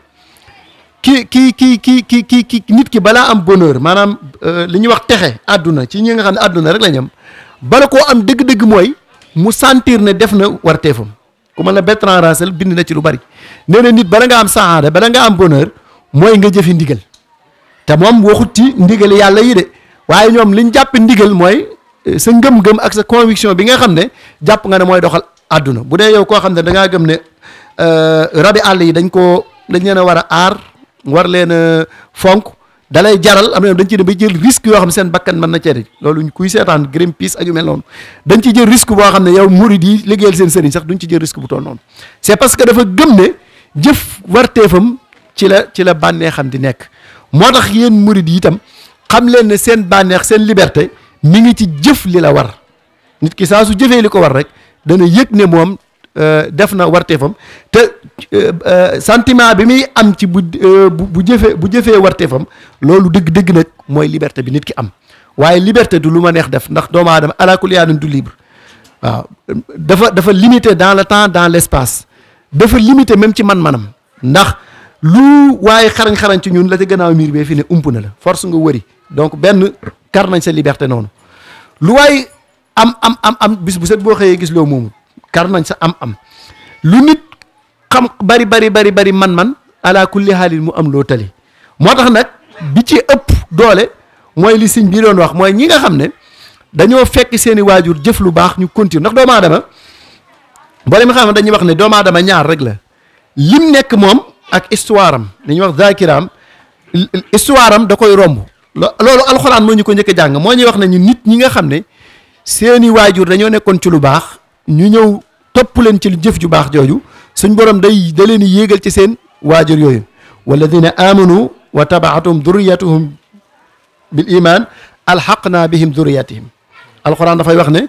ki ki ki ki ki ki ki nit ki balaa am bonheur maanaam euh, li ñuy wax texe àdduna ci ñi nga xam ne àdduna rek la am bala ko am dëgg-dëgg mooy mu sentir ne def na warteefam ku mel ne Bertrand bind na ci lu bari nee na nit bala nga am saada bala nga am bonheur mooy nga jëfi ndigal te moom waxut ci ndigal yàlla yi de waaye ñoom liñ jàpp ndigal mooy eh, sa ngëm-ngëm ak sa conviction bi nga xam ne jàpp nga ne mooy doxal àdduna bu dee yow koo xam ne da ngaa gëm ne eh, rabi àll yi dañ koo dañ leen a war a aar war leen a fonk dalay jaral am na dañ ciy dem ba jël risque yoo xam ne seen bakkan mën na cee loolu kuy seetaan Greenpeace ak yu mel noonu dañ ci jël risque boo xam ne yow murid yi liggéeyal seen sëriñ sax duñ ci jël risque bu toll noonu c'est parce que dafa gëm ne jëf warteefam ci la ci la bànneexam di nekk moo tax yéen murid yi itam xam leen ne seen bànneex seen liberté mi ngi ci jëf li la war nit ki saa su jëfee li ko war rek dana yëg ne moom Euh, def na warteefam te euh, euh, sentiment bi muy am ci bu bu jëfee bu jëfee warteefam loolu digg dëgg nag mooy liberté bi nit ki am waaye liberté du lu ma neex def ndax doomu aadama alakul yaa du libre waaw dafa dafa limité dans le temps dans l' espace dafa limité même ci man-manam ndax lu waaye xarañ-xarañ ci ñun la ca gannaaw miir bee fi ne ump na la force nga wëri donc benn kar nañ sa liberté noonu lu waaye am am am am bis bu set boo xëyee gis loo moomu kar nañ sa am-am lu nit xam bari bari bari bari man-man ala kulli haalin mu am loo tali moo tax nag bi ci ëpp doole mooy li siñ bii doon wax mooy ñi nga xam ne dañoo fekk seeni waajur jëf lu baax ñu continue ndax doomu aadama boole mi xam dañuy wax ne doomu aadama ñaar rek la lim nekk moom ak histoire am dañuy wax zakiraam histoire da koy romb loolu alxuraan moo ñu ko njëkk a jàng moo ñuy wax ñu nit ñi nga xam ne seeni waajur dañoo nekkoon ci lu baax ñu ñëw topp leen ci lu jëf ju baax jooju suñ borom day da leen yéegal ci seen waajur yooyu walladina amanu wa tabaatum duriyatuhum bil iman alxaqna bihim duriyatihim alquran dafay wax ne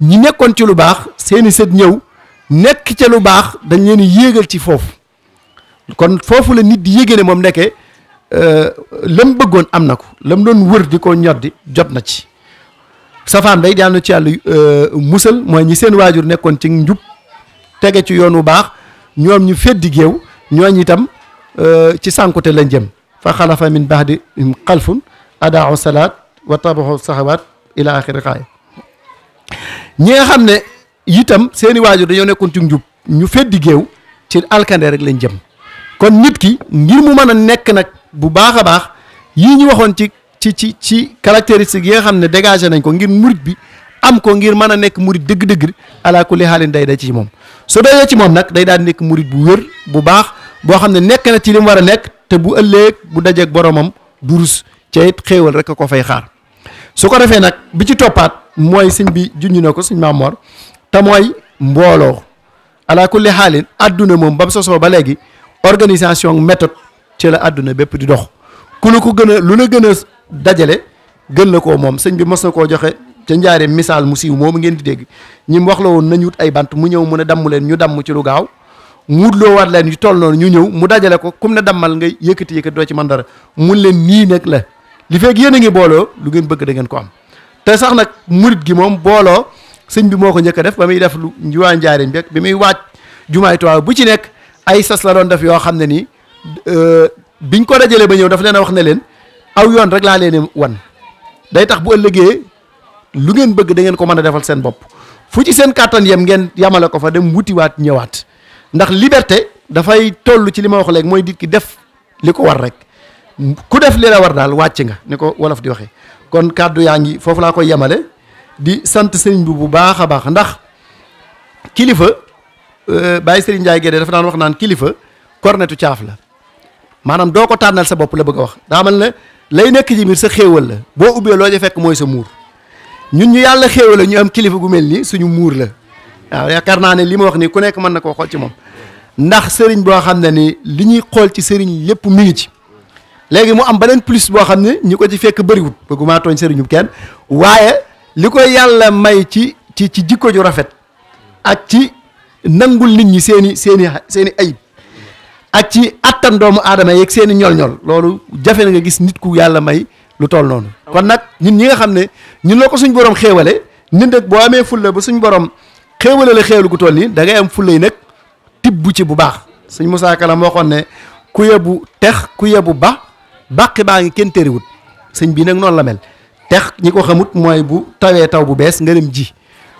ñi nekkoon ci lu baax seeni sët ñëw nekk ci lu baax dañ leen yéegal ci foofu kon foofu la nit di yéege ne moom nekkee euh, lam bëggoon am na ko lam doon wër di ko ñoddi jot na ci safaan bay yàlla na ci yàlla euh, musal mooy ñi seen waajur nekkoon ci njub tege ci yoon wu baax ñoom ñu feddi géew ñooñ itam euh, ci sànkute lañ jëm fa xalafa min ba'di xalfun adaau salaat wa tabaxu xam ne itam seeni waajur dañoo nekkoon ci njub ñu feddi géew ci alkande rek lañ jëm kon nit ki ngir mu mën a nekk nag bu baax a baax yii ñu waxoon ci ci ci ci caractéristique yi xam ne dégagé nañ ko ngir murit bi am ko ngir mën a nekk murit dëgg-dëgg alaa kulli xaalin day da ci moom su doyee ci moom nag day daal nekk murit bu wér bu baax boo xam ne nekk na ci li mu war a nekk te bu ëllëg bu dajeeg boromam durus ca it xéewal rek ko fay xaar su ko defee nag bi ci toppaat mooy sëñ bi junj na ko sëñ Maam Mor te mooy mbooloo alaa kulli adduna moom ba sosoo ba léegi organisation méthode ci adduna bépp di dox dajale gën la ko moom sëñ bi mos na koo joxe ca njaaree misaal mu siiw moomu ngeen di dégg ñi mu wax la woon nañu wut ay bant mu ñëw mu ne damm leen ñu damm ci lu gaaw mu wutloo waat leen yu toll noonu ñu ñëw mu dajale ko kum ne dammal ngay yëkkati yëkkati doo ci man dara mun leen nii nag la li fekk yéen a ngi booloo lu ngeen bëgg da ngeen ko am te sax nag murit gi moom booloo sëñ bi moo ko njëkk def ba muy def lu jumaa njaareem bi bi muy waaj jumaay Tuubaa bu ci nekk ay sas la doon def yoo xam ne nii euh, biñ ko dajalee ba ñëw daf leen a wax ne leen aw yoon rek laa leen wan day tax bu ëllëgee lu ngeen bëgg dangeen ko mën a defal seen bopp fu ci seen kàttan yem ngeen yamale ko fa dem wutiwaat ñëwaat ndax liberté dafay toll ci li ma wax léegi mooy nit def li ko war rek ku def li la war daal wàcc nga ni ko wolof di waxee kon kàddu yaa ngi foofu laa koy yemale di sant sëriñ bi bu baax a baax ndax kilifa euh, Baye Serigne Ndiaye Guède dafa daan wax naan kilifa kornetu caaf la maanaam doo ko tànnal sa bopp la lay nekk ci sa xéewal la boo ubbee loo ja fekk mooy sa muur ñun ñu yàlla xéewal la ñu am kilifa gu mel ni suñu muur la waaw yaakaar naa ne li ma wax nii ku nekk mën na koo xool ci moom ndax sëriñ boo xam ne ni li ñuy xool ci sëriñ lépp mi ngi ci léegi mu am beneen plus boo xam ne ñu ko ci fekk bëriwut bëgguma tooñ sëriñu kenn waaye li koy yàlla may ci ci ci jikko ju rafet ak ci nangul nit ñi seeni seeni seeni ayib ak ci attan doomu aadama yeeg seen i ñol-ñol loolu jafe na nga gis nit ku yàlla may lu toll noonu. kon nag ñun ñi nga xam ne ñun loo ko suñ borom xéewale nit nag boo amee fulla ba suñ borom xéewale la xéewalu gu toll nii da ngay am fulla yi nag tibb ci bu baax suñ Musaa Ka la waxoon ne ku yebu tex ku yebu ba bàqi baa ngi kenn téeriwut sëñ bii nag noonu la mel tex ñi ko xamut mooy bu tawee taw bu bees nga dem ji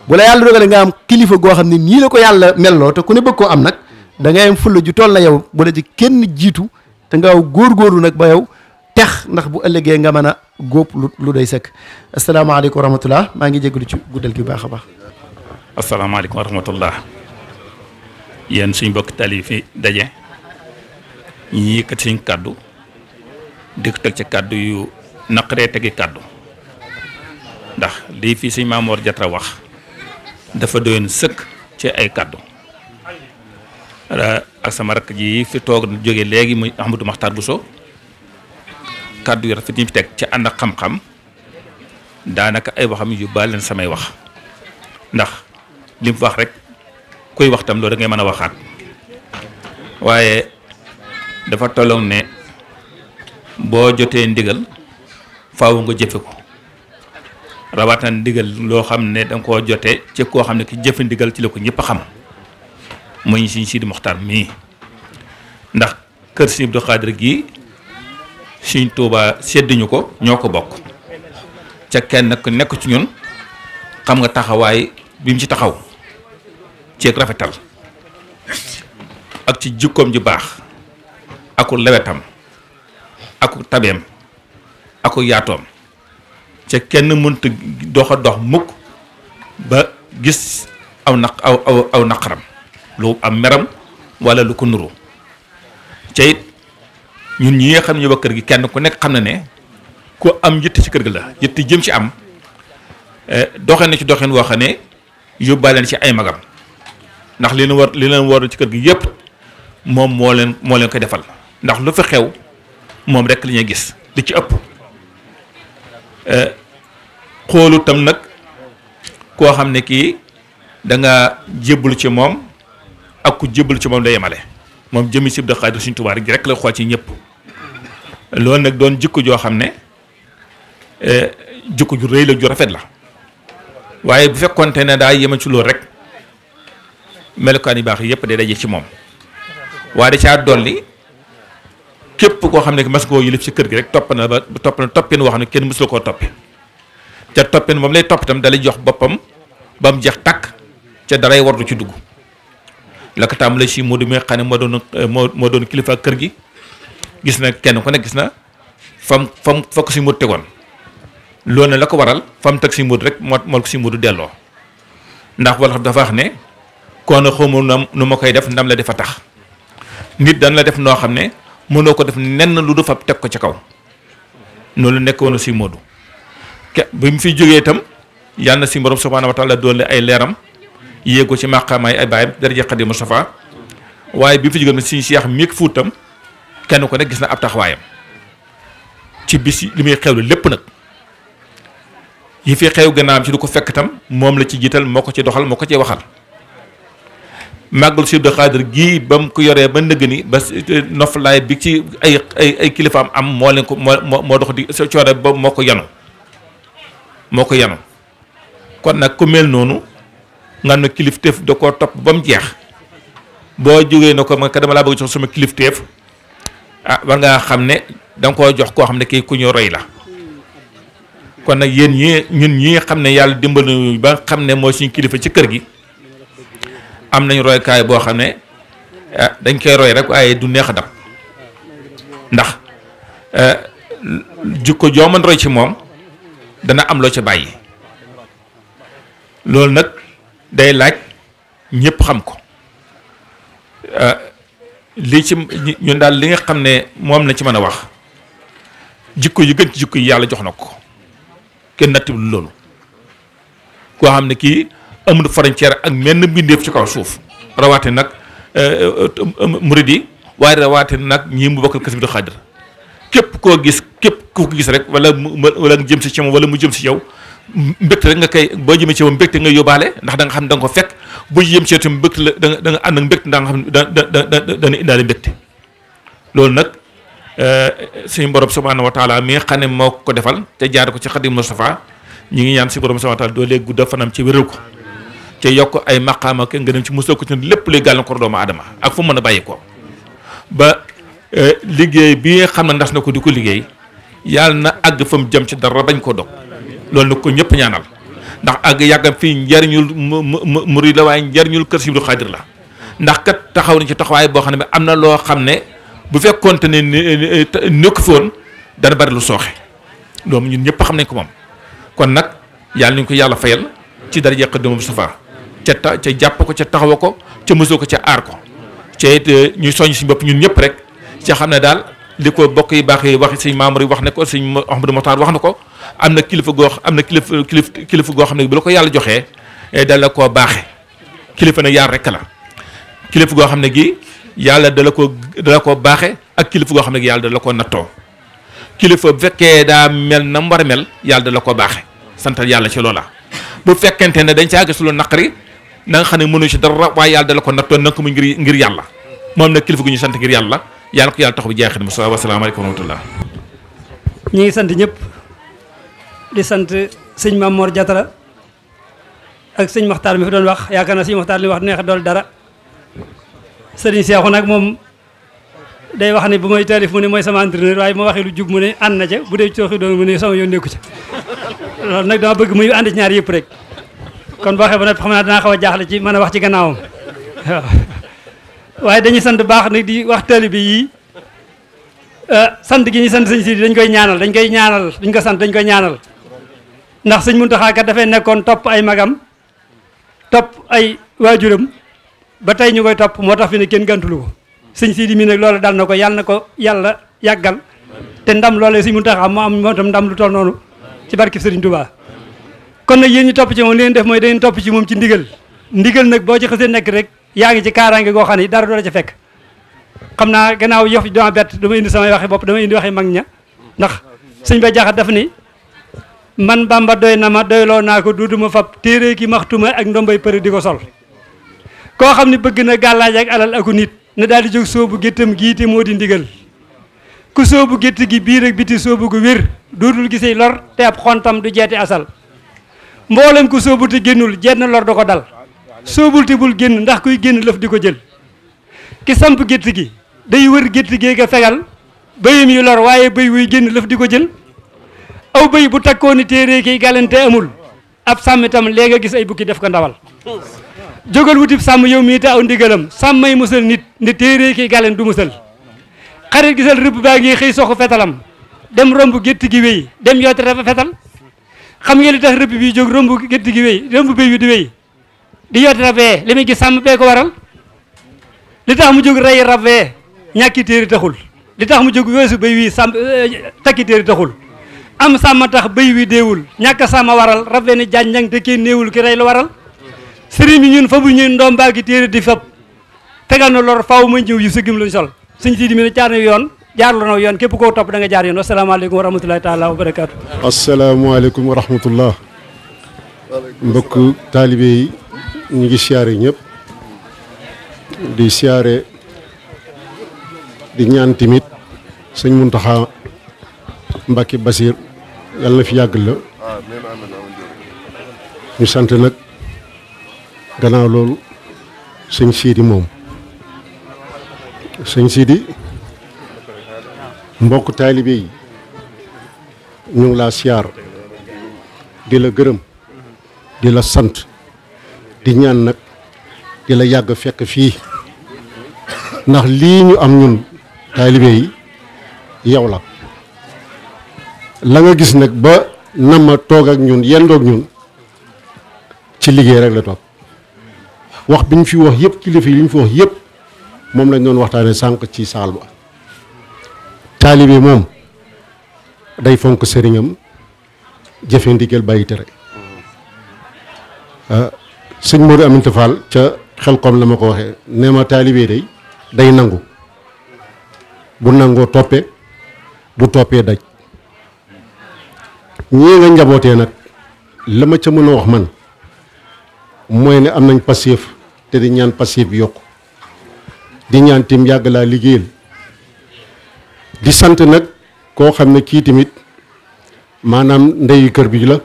bu la yàlla dogale nga am kilifa goo xam ne nii la ko yàlla melloo te ku ne bëgg koo am nag. da ngay am fulla ju toll na yow bu la ci kenn jiitu te nga aw góor góorgóorlu nag ba yow tex ndax bu ëllëgee nga mën a góob lu day sekk asalaamaaleykum wa maa ngi jégalu ci guddal gi baax a baax. asalaamaaleykum wa yéen suñ bokk tali fi daje ñi yëkkat suñ kàddu di teg ci kàddu yu naqaree tegi kàddu ndax lii fi suñ Maamoor Jatra wax dafa doyoon sëkk ci ay kàddu ak sama rakk ji fi toog jóge léegi muy Ahmadou Makhtar so kàddu yu rafet yi fi teg ci ànd ak xam-xam daanaka ay waxam yu baal leen samay wax ndax li wax rek kuy wax tam loolu ngay mën a waxaat waaye dafa tolloon ne boo jotee ndigal faaw nga jëfe ko rawatina ndigal loo xam ne danga koo jotee ci koo xam ne ki jëfe ndigal ci la ko ñëpp xam mooy suñ Sidi Moxtaar mii ndax kër Sëñ Abdou Khadre gi suñ Tuubaa sedduñu ko ñoo ko bokk ca kenn ku nekk ci ñun xam nga taxawaay bi mu ci taxaw ceeg rafetal ak ci jikkoom ju baax aku lewetam aku tabeem aku yaatoom ca kenn mënta doxa dox mukk ba gis aw naq aw aw naqaram lu am meram wala lu ko nuru ca ñun ñi nga xam ne ñu ba kër gi kenn ku nekk xam na ne ku am yitte ci kër gi la yitte jëm ci am eh, doxe na ci doxin woo xam ne yóbbaale na ci ay magam ndax li leen war li leen war ci kër gi yëpp moom moo leen moo leen ko defal ndax lu fi xew moom rek li ñu gis li ci ëpp eh, xoolu tam nag koo xam ne kii danga nga ci moom ak ku jébal ci moom la yemale moom jëmi si Abdou Khadre Sëriñ Tuubaa rek la xool ci ñëpp loolu nag doon jikko joo xam ne eh, jikko ju rëy la ju rafet la waaye bu fekkonte ne daa yema ci lool rek melokaan yu baax yëpp day daje ci moom waaye da caa dolli képp koo xam ne mas koo yilif ci kër gi rek topp na ba topp na wax ne kenn mësul koo toppi ca toppin moom lay topp itam dalay jox boppam ba mu jeex tàkk ca daray wardu ci dugg la ko tàmbalee si Modou mi nga moo doon moo moo doon kilifa kër gi gis na kenn ku ne gis na fam fam fa ko si Modou tegoon loolu ne la ko waral fam teg si Modou rek moo moo ko si Modou delloo ndax wala dafa wax ne kon xawma nu nu ma koy def ndam la dafa tax nit dañ la def noo xam ne mënoo ko def nenn lu du fa teg ko ci kaw noonu nekk nekkoon si Modou ke bi mu fi jógee itam yàlla na si borom subhaanahu wa taala doole ay leeram yéeg ko ci maqaamaay ay baayam daraja Xadim Mustafa waaye bi mu fi jógee suñu seex meek fuutam kenn ko nekk gis na ab taxawaayam ci bis li muy xewle lépp nag yi fi xew gannaam ci du ko fekk tam moom la ci jiital moo ko ci doxal moo ko ci waxal màggal Sëñ Abdou gii ba mu ko yoree ba nëgg ni ba noflaay bi ci ay ay kilifaam am moo leen ko moo moo dox di coono ba moo ko yanu moo ko yanu kon nag ku mel noonu nga am na kilifteef da koo topp ba mu jeex boo jógee na ko man ka dama laa bëgg jox sama kilifteef ah war ngaa xam ne da nga koo jox koo xam ne kii ku ñu roy la kon nag yéen ñi ñun ñi xam ne yàlla dimbal nañu ba xam ne mooy suñu kilifa ci kër gi am nañu roykaay boo xam ne ah, dañ koy roy rek waaye du neex a dab ndax eh, jikko joo mën roy ci moom dana am loo ci bàyyi loolu nag day laaj ñëpp xam ko euh, lii ci ñun daal li nga xam ne moom la ci mën a wax jikko yu gën ci jikko yi yàlla jox na ko kenn nattablu loolu koo xam ne kii amul frontière ak menn mbindeef ci kaw suuf rawaate nag euh, euh, murid yi waaye rawaate nag ñii mu bokkal kas bi képp koo gis képp ku ko gis rek wala mu wala jëm si ci moom wala mu jëm si yow mbégte rek nga koy boo jëmee ci moom mbégte nga yóbbaale ndax danga xam ne nga ko fekk bu jëm ci itam mbégte la da nga da nga ànd ak mbégte da nga xam da da loolu nag euh, suñu borom subhaanahu wa taala mi nga xam ne moo ko defal te jaar ko ci xadim Moustapha ñu ngi ñaan si borom subhaanahu wa taala doolee gudda ci wéral ko te yokk ay maqaama ak ngënam ci musal ko ci lépp luy gàllankoor doomu aadama ak fu mu mën a bàyyi ko ba euh, liggéey bi xam ne ndas na ko di ko liggéey yàlla na àgg fa mu jëm ci dara bañ koo dog loolu nag ko ñëpp ñaanal ndax ak yàggam fii njariñul murid la waaye njariñul kër Sëriñ Abdou Khadre la ndax kat taxaw na ci taxawaay boo xam ne am na loo xam ne bu fekkoonte ne nekk foon dana bari lu sooxe loolu ñun ñëpp xam nañ ko moom kon nag yàlla nañ ko yàlla fayal ci dara jeex dama Moustapha ca ta ca jàpp ko ca taxawa ko ca mësoo ko ca aar ko ca it eh, ñuy soññ suñu bopp ñun ñëpp rek ca xam ne daal li ko bokk yi baax yi wax sëñ Mamour yi wax na ko sëñ Ahmadou Mokhtar wax na ko am na kilifa goo am na kilifa kilifa goo xam ne bu la ko yàlla joxee eh, dal la koo baaxee kilifa nag yaar rek la kilifa goo xam ne gi yàlla dala ko dala koo baaxee ak kilifa goo xam ne gi yàlla dala koo nattoo kilifa bu fekkee daa mel na mu war a mel yàlla dala koo baaxee santal yàlla ci loola bu fekkente ne dañ ci àgg si lu naqari na nga xam ne mënu ci dara waaye yàlla dala ko nattoo na ko mu ngir ngir yàlla moom nag kilifa gu ñu sant ngir yàlla yàlla ko yàlla tax bu jeexit mu salaam asalaamaaleykum wa rahmatullah ñu ngi sant ñëpp di sant sëñ Mamor Diatara ak sëñ Maxtaar mi fi doon wax yaakaar a sëñ Maxtaar li wax neex dool dara nag moom day wax ne bu may taalif mu ne mooy sama entraîneur waaye bu ma waxee lu jub mu ne ànd na ca bu dee cooxi doon mu ne sama yoon ca loolu nag dama bëgg muy ànd ci ñaar yëpp rek kon boo waxee ba noppi xam naa dinaa xaw a jaaxle ci mën a wax ci gannaawam waaw waaye dañuy sant baax nag di wax taalibe yi euh, sant gi ñuy sant sëñ si dañ koy ñaanal dañ koy ñaanal dañ ko sant dañ koy ñaanal ndax sëñ Muntaxa kat dafay nekkoon topp ay magam topp ay waajuram ba tey ñu koy moo tax fi ne kenn gantulu ko sëñ Sidi mii nag loolu dal na ko yàlla na ko yàlla yàggal te ndam loolee sëñ Muntaxa moo am moo tam ndam lu toll noonu ci barkib Sëriñ Tuubaa kon nag yéen ñu topp ci moom li ngeen def mooy da ngeen topp ci moom ci ndigal ndigal nag boo ci xasee nekk rek yaa ngi ci kaaraange goo xam ne dara du la ca fekk xam naa gannaaw yof dama bett dama indi samay waxe bopp dama indi waxe mag ña ndax sëñ ba jaxat daf ni man bamba doy na ma doyloo naa ko duuduma fab téere ki maxtuma ak ndombay përi di ko sol koo xam ne bëgg na gàllaaj ak alal aku nit na daal di jóg soobu géttam giite moo di ndigal ku soobu gétt gi biir ak biti soobu gu wér duudul gisee lor te ab xontam du jeeti asal mboolem ku soobu te génnul jenn lor du ko dal soobul te bul génn ndax kuy génn lëf di ko jël ki samp gétt gi day wër gétt gee nga fegal béyam yu lor waaye béy wuy génn lëf di ko jël aw béy bu takkooni téere kiy galante amul ab sàmm itam léegi nga gis ay bukki def ko ndawal jógal wutib sàmm yow mii te aw ndigalam sàmmay musal nit ni téere kiy galen du musal xarit gisal rëbb baa ngi xëy soxu fetalam dem romb gétt gi wéy dem yooti refa fetal xam nga li tax rëbb bi jóg romb gétt gi wéy romb béy bi di wéy di yotti rab wee li ma gis sàmm bee ko waral li tax mu jóg rey rab wee ñàkki téeri taxul li tax mu jóg weesu béy wii sàmm eh, takki téeri taxul am sàmm tax béy wi deewul ñàkk sàmm waral rab wee ni jànjang te kii néewul ki rey la waral sëriñ mi ñun fa bu ñun ndoom baa gi téeri di fab tegal na lor faaw ma ñëw yi si gim luñ sol suñ si di mi ne yoon jaar lu naw yoon képp koo topp da nga jaar yoon asalaamaaleykum wa rahmatulahi taala wa barakaatu asalaamaaleykum wa rahmatullah mbokk taalibe yi ñu ngi siyaare ñëpp di siyaare di ñaan timit sëñ Muntaxa Mbàkke Basiir yàlla na fi yàgg la ñu sant nag gannaaw loolu sëñ Sidi moom sëñ siidi mbokk taalibe yi ñu ngi laa siyaar di la gërëm di la sant di ñaan nag di la yàgg fekk fii ndax lii ñu am ñun taalibe yi yow la la nga gis nag ba nama toog ak ñun yendoog ñun ci liggéey rek la toog wax bi ñu fi wax yëpp kilifa yi li ñu fi wax yépp moom lañ doon waxtaane sànk ci saal ba taalibe moom day fonk sëriñam jëfe ndigal bàyyi tere ah, sëñ Modou Aminta Fall ca xel kom la ma ko waxee nee ma taalibee day day nangu bu nangoo toppe bu toppee daj ñii nga njabootee nag la ma ca mën a wax man mooy ne am nañ passif te di ñaan passif bi yokku di ñaan tim yàgg laa liggéeyal di sant nag koo xam ne kii tamit maanaam ndeyu kër bi la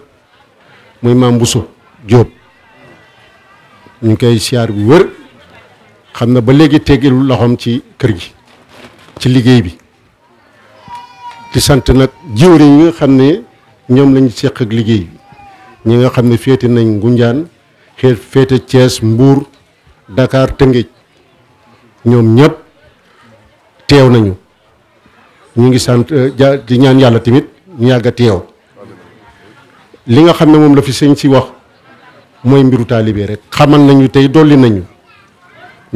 muy maam Bousso Diop ñu ngi koy siyaar bu wër xam na ba léegi teggilu loxoom ci kër gi ci liggéey bi di sant nag jiwri ñi nga xam ne ñoom lañu seq ak liggéey bi ñi nga xam ne féete nañ Ngunjaan xeet féete Thiès Mbuur Dakar Tëngéej ñoom ñëpp teew nañu ñu ngi sant euh, di ñaan yàlla tamit ñu yàgg teew li nga xam ne moom la fi sëñ si wax mooy mbiru taalibe rek xamal nañu tey dolli nañu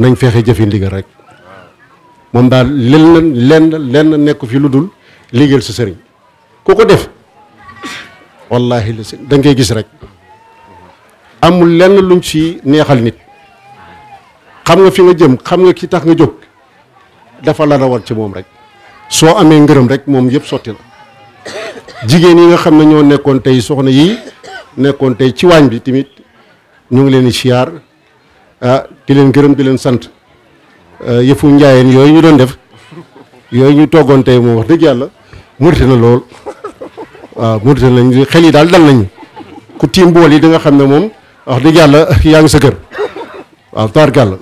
nañ fexe jëfe ndigal rek moom daal lenn lenn lenn nekku fi lu dul liggéeyal si sëriñ ku ko def wallaahi la da ngay gis rek amul lenn luñ ci neexal nit xam nga fi nga jëm xam nga ki tax nga jóg dafa la war ci moom rek soo amee ngërëm rek moom yëpp sotti na jigéen yi nga xam ne ñoo nekkoon tey soxna yi nekkoon tey ci waañ bi tamit ñu ngi leen di siyaar ah di leen gërëm di leen sant ah, yëfu njaayeen yooyu ñu doon def yooyu ñu toggoon tey moom wax dëgg yàlla murite na lool waaw murite nañ xel yi daal dal nañu ku tiim bool yi di nga xam ne moom wax dëgg yàlla yaa ngi sa kër waaw taarkàlla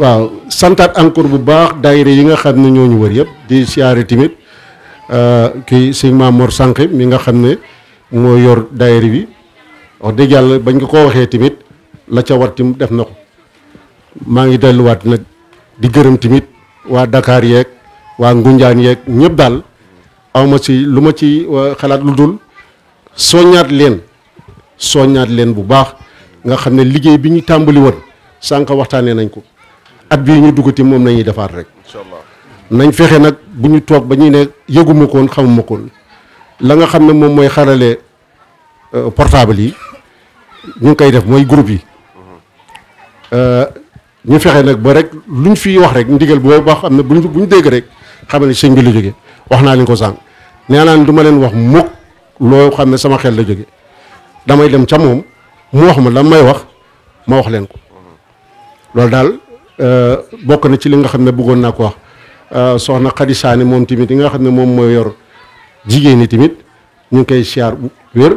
waaw santaat encore bu baax daayira yi nga xam ne ñoo ñu wër yëpp di siyaare tamit ah, kii sëñ Maam Mor Sànq mi nga xam ne moo yor daayira bi wax dëgg yàlla bañ nga koo waxee tamit la ca war tim def na ko maa ngi delluwaat nag di gërëm tamit waa dakaar yeeg waa Ngunjaan yeeg ñëpp daal awma ci lu ma ci xalaat lu dul soññaat leen soññaat leen bu baax nga xam ne liggéey bi ñu tàmbali woon sànq waxtaanee nañ ko at bii ñu dugg duggati moom nañuy defaat rek inshallah nañ fexe nag bu ñu toog ba ñuy ne yëguma koon xamuma koon la nga xam ne moom mooy xarale euh, portable yi ñu ngi koy def mooy groupe yi euh, ñu fexe nag ba rek luñ fi wax rek ndigal boobu ba xam ne buñ buñ dégg rek xam ne sëñ bi wax naa leen ko sànq nee naa du ma leen wax mukk loo xam ne sama xel la jóge damay dem ca moom mu wax ma la may wax ma wax leen ko loolu daal euh, bokk na ci li nga xam ne bëggoon naa ko wax euh, soxna Xadi Saane moom tamit yi nga xam ne moom mooy yor jigéen ñi tamit ñu ngi koy siyaar wér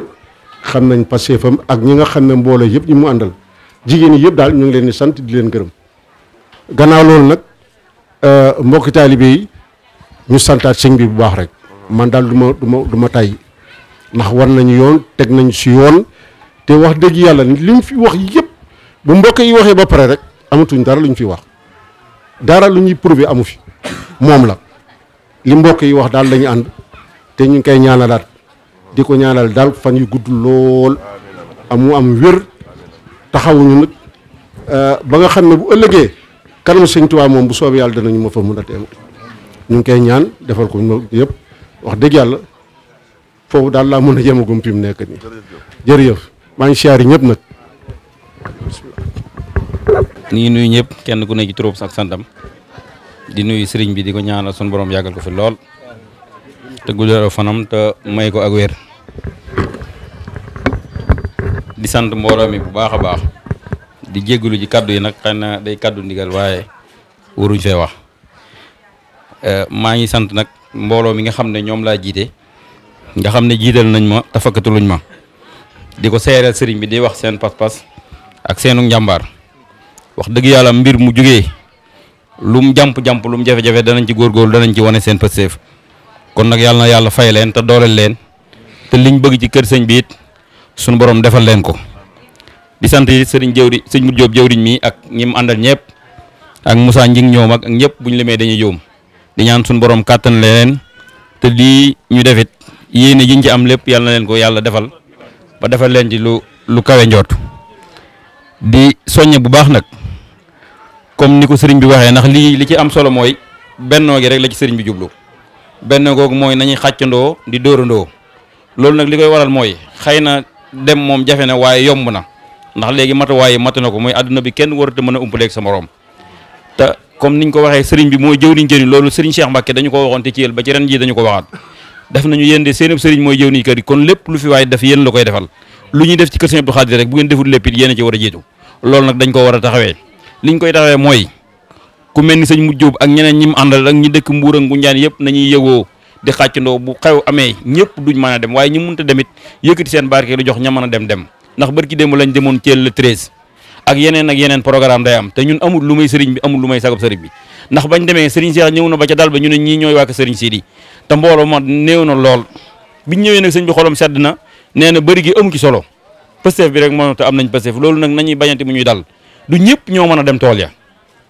xam nañ pasteefam ak ñi nga xam ne mbooloo yëpp ñi mu àndal jigéen yi yëpp daal ñu ngi leen di sant di leen gërëm gannaaw loolu nag euh, mbokki taalibe yi ñu santaat sëñ bi bu baax rek man daal du ma du ma du ma ndax war nañu yoon teg nañ si yoon te wax dëgg yàlla li ñu fi wax yëpp bu mbokk yi waxee ba pare rek amatuñ dara lu ñu fi wax dara lu ñuy prouver amu fi moom la li mbokk yi wax daal lañu ànd te ñu ngi koy ñaanalaat di ko ñaanal daal fan yu gudd lool amu am wér taxawuñu nag euh, ba nga xam ne bu ëllëgee kanam sëñ Tuubaa moom bu soobee yàlla danañu ma fa mën a teew ñu ngi koy ñaan defal ko ñu yëpp wax dëgg yàlla foofu daal laa mën a yemagum fi mu nekk nii jërëjëf maa ngi siyaar yi ñëpp nag. ñu ngi nuyu ñëpp kenn ku nekk trop turam ak santam di nuyu sëriñ bi di ko ñaanal sun borom yàggal ko fi lool. te guddal fanam te may ko ak weer di sant mbooloo mi bu baax a baax di jégalu ji kaddu yi nag xëy day kaddu ndigal waaye waruñ fee wax eh, maa ngi sant nag mbooloo mi nga xam ne ñoom laa jiite nga xam ne jiital nañ ma te fakkatuluñ ma di ko seereel sëriñ bi di wax seen pas-pas ak seenu njàmbaar wax dëgg yàlla mbir mu jugee lum jàmp lu mu jafe-jafe danañ ci góorgóorlu danañ ci wane seen pësteef kon nag yàlla na yàlla fay leen te dooleel leen te liñ bëgg ci kër sëñ biit it suñu borom defal leen ko di sant it sëriñ jëwri sëñ Modou Diop jëwriñ mi ak ñi àndal ñëpp ak Moussa Njing ñoom ak ñëpp bu ñu limee dañuy jóom di ñaan suñu boroom kàttan leen te lii ñu defit yéene yiñ ci am lépp yàlla leen ko yàlla defal ba defal leen ci lu lu kawe njoot di soññe bu baax nag comme ni ko sëriñ bi waxee ndax lii li ci am solo mooy bennoo gi rek la ci sëriñ bi jublu benn googu mooy nañuy xàccandoo di dóorandoo loolu nag li koy waral mooy xay na dem moom jafe na waaye yomb na ndax léegi matuwaay yi matu na ko mooy àdduna bi kenn warut a mën a umpaleeg sa morom te ni ñu ko waxee sëriñ bi mooy jëwriñ jëriñ loolu sëriñ Cheikh Mbacke dañu ko waxoon te ci yéen ba ci ren jii dañu ko waxaat def nañu yéen de seen sëriñ mooy jëwriñ kër yi kon lépp lu fi waaye def yéen la koy defal lu ñuy def ci kër Sëriñ Abdou Khadir rek bu ngeen deful lépp yéen a ci war a jiitu loolu nag dañ ko war a taxawee liñ koy taxawee mooy ku mel ni sëñ mu jóob ak ñeneen ñi mu àndal ak ñi dëkk Mbuur ak Ngunjaan yëpp nañu yëgoo di xàccandoo bu xew amee ñëpp duñ mën a dem waaye ñu munta demit yëkkati seen barke lu jox ña mën a dem dem ndax bërki démb lañ demoon Thiel le 13 ak yeneen ak yeneen programme day am te ñun amul lu may sëriñ bi amul lu may sagab sëriñ bi ndax bañ demee sëriñ Cheikh ñëw na ba ca dal ba ñu ne ñii ñooy waa sëriñ Sidi te mbooloo ma néew na lool biñ ñëwee nag sëñ bi xolam sedd na nee na bëri gi amu ci solo Pastef bi rek moo te am nañ Pastef loolu nag nañuy bañante mu ñuy dal du ñëpp ñoo mën a dem tool ya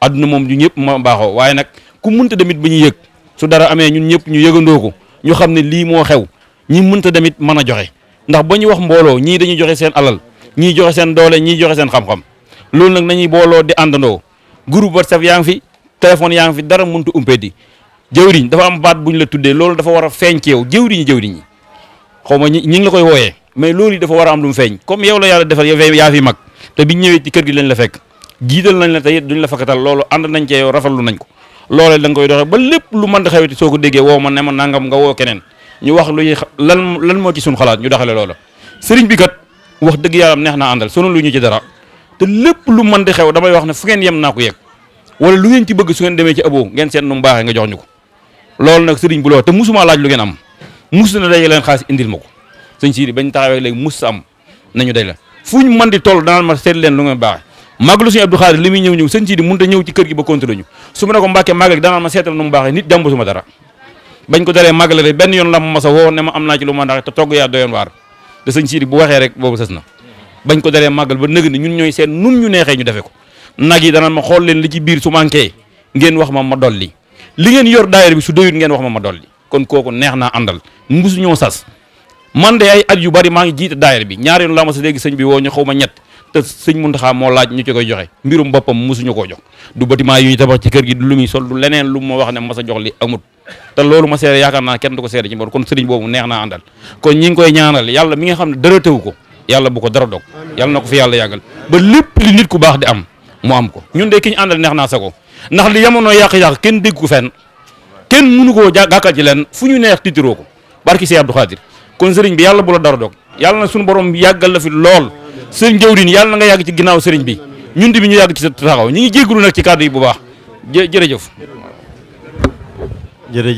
adduna moom ñu ñëpp ma baaxoo waaye nag ku munta damit ba ñu yëg su dara amee ñun ñëpp ñu yëgandoo ko ñu xam ne lii moo xew ñi munta demit mën a joxe ndax ba ñu wax mbooloo ñii dañuy joxe seen alal ñii joxe seen doole ñii joxe seen xam-xam loolu nag nañuy booloo di àndandoo groupe whatsapp yaa ngi fi téléphone yaa ngi fi dara muntu umpee di jëwriñ dafa am baat bu ñu la tuddee loolu dafa war a feeñ yow jëwriñ jëwriñ yi xaw ma ñi ñi ngi la koy wooyee mais loolu dafa war a am lu comme yow la yàlla defal yow yaa fi mag te biñ ñëwee ci kër gi lañ la fekk jiital nañ la tey duñ la fakkatal loolu ànd nañ cee yow rafetlu nañ ko loolee da nga koy doxee ba lépp lu mën di xeweti soo ko déggee woo ma ne ma nangam nga woo keneen ñu wax luy lan lan moo ci suñ xalaat ñu doxale loola sëriñ bi kat wax dëgg yàlla neex naa àndal sonu lu ñu ci dara te lépp lu mën di xew damay wax ne fu ngeen yem naa ko yegg wala lu ngeen ci bëgg su ngeen demee ci aboo ngeen seen nu mu baaxee nga jox ñu ko loolu nag sëriñ bu loo te musuma laaj lu ngeen am mus na day leen xaalis indil ma ko sëñ siiri bañ taxawee léegi mus am nañu day la fu ñu mën di toll danaan ma leen lu ngeen baaxee màggalu suñu Abdou Khadre li muy ñëw ñëw sëñ Sidi mënut a ñëw ci kër gi ba contrôlé ñu su ma ne ko mbàkkee màggal gi danaan ma seetal nu mu nit jàmbu yoon la ma masa woo ma am naa ci lu ma ndax te togg waxee rek boobu sës na bañ ko dalee màggal ba nëg ni ñun ñooy seen nun ñu neexee ñu defe ko nag yi danaan ma xool leen li ci biir su manqué ngeen wax ma ma dolli li ngeen yor daayira bi su doyut ngeen wax ma ma dolli kon kooku neex naa àndal mbusu ñoo sas man de ay at yu bari maa ngi jiite daayira bi ñaar yoon la ma sa dégg sëñ bi woo ñu xaw ma ñett te sëñ Muntaxa moo laaj ñu ci koy joxe mbirum boppam mosuñu koo jox du bâtiment yu ñu tabax ci kër gi du lu sol du leneen lu ma wax ne mas a jox li amut te loolu ma seere yaakaar naa kenn du ko seere ci mbor kon sëriñ boobu neex ne dara teewu ko yàlla dara dog yàlla na ko fi yàlla yàggal ba lépp ko sa ko la dara dog yàlla na suñu borom yàggal la fi lool sëriñ jawrin yàlla na nga yàgg ci ginnaaw sëriñ bi ñun di bi ñu yàgg ci sa taxaw ñu ngi jégalu nag ci kàddu yi bu baax jërëjëf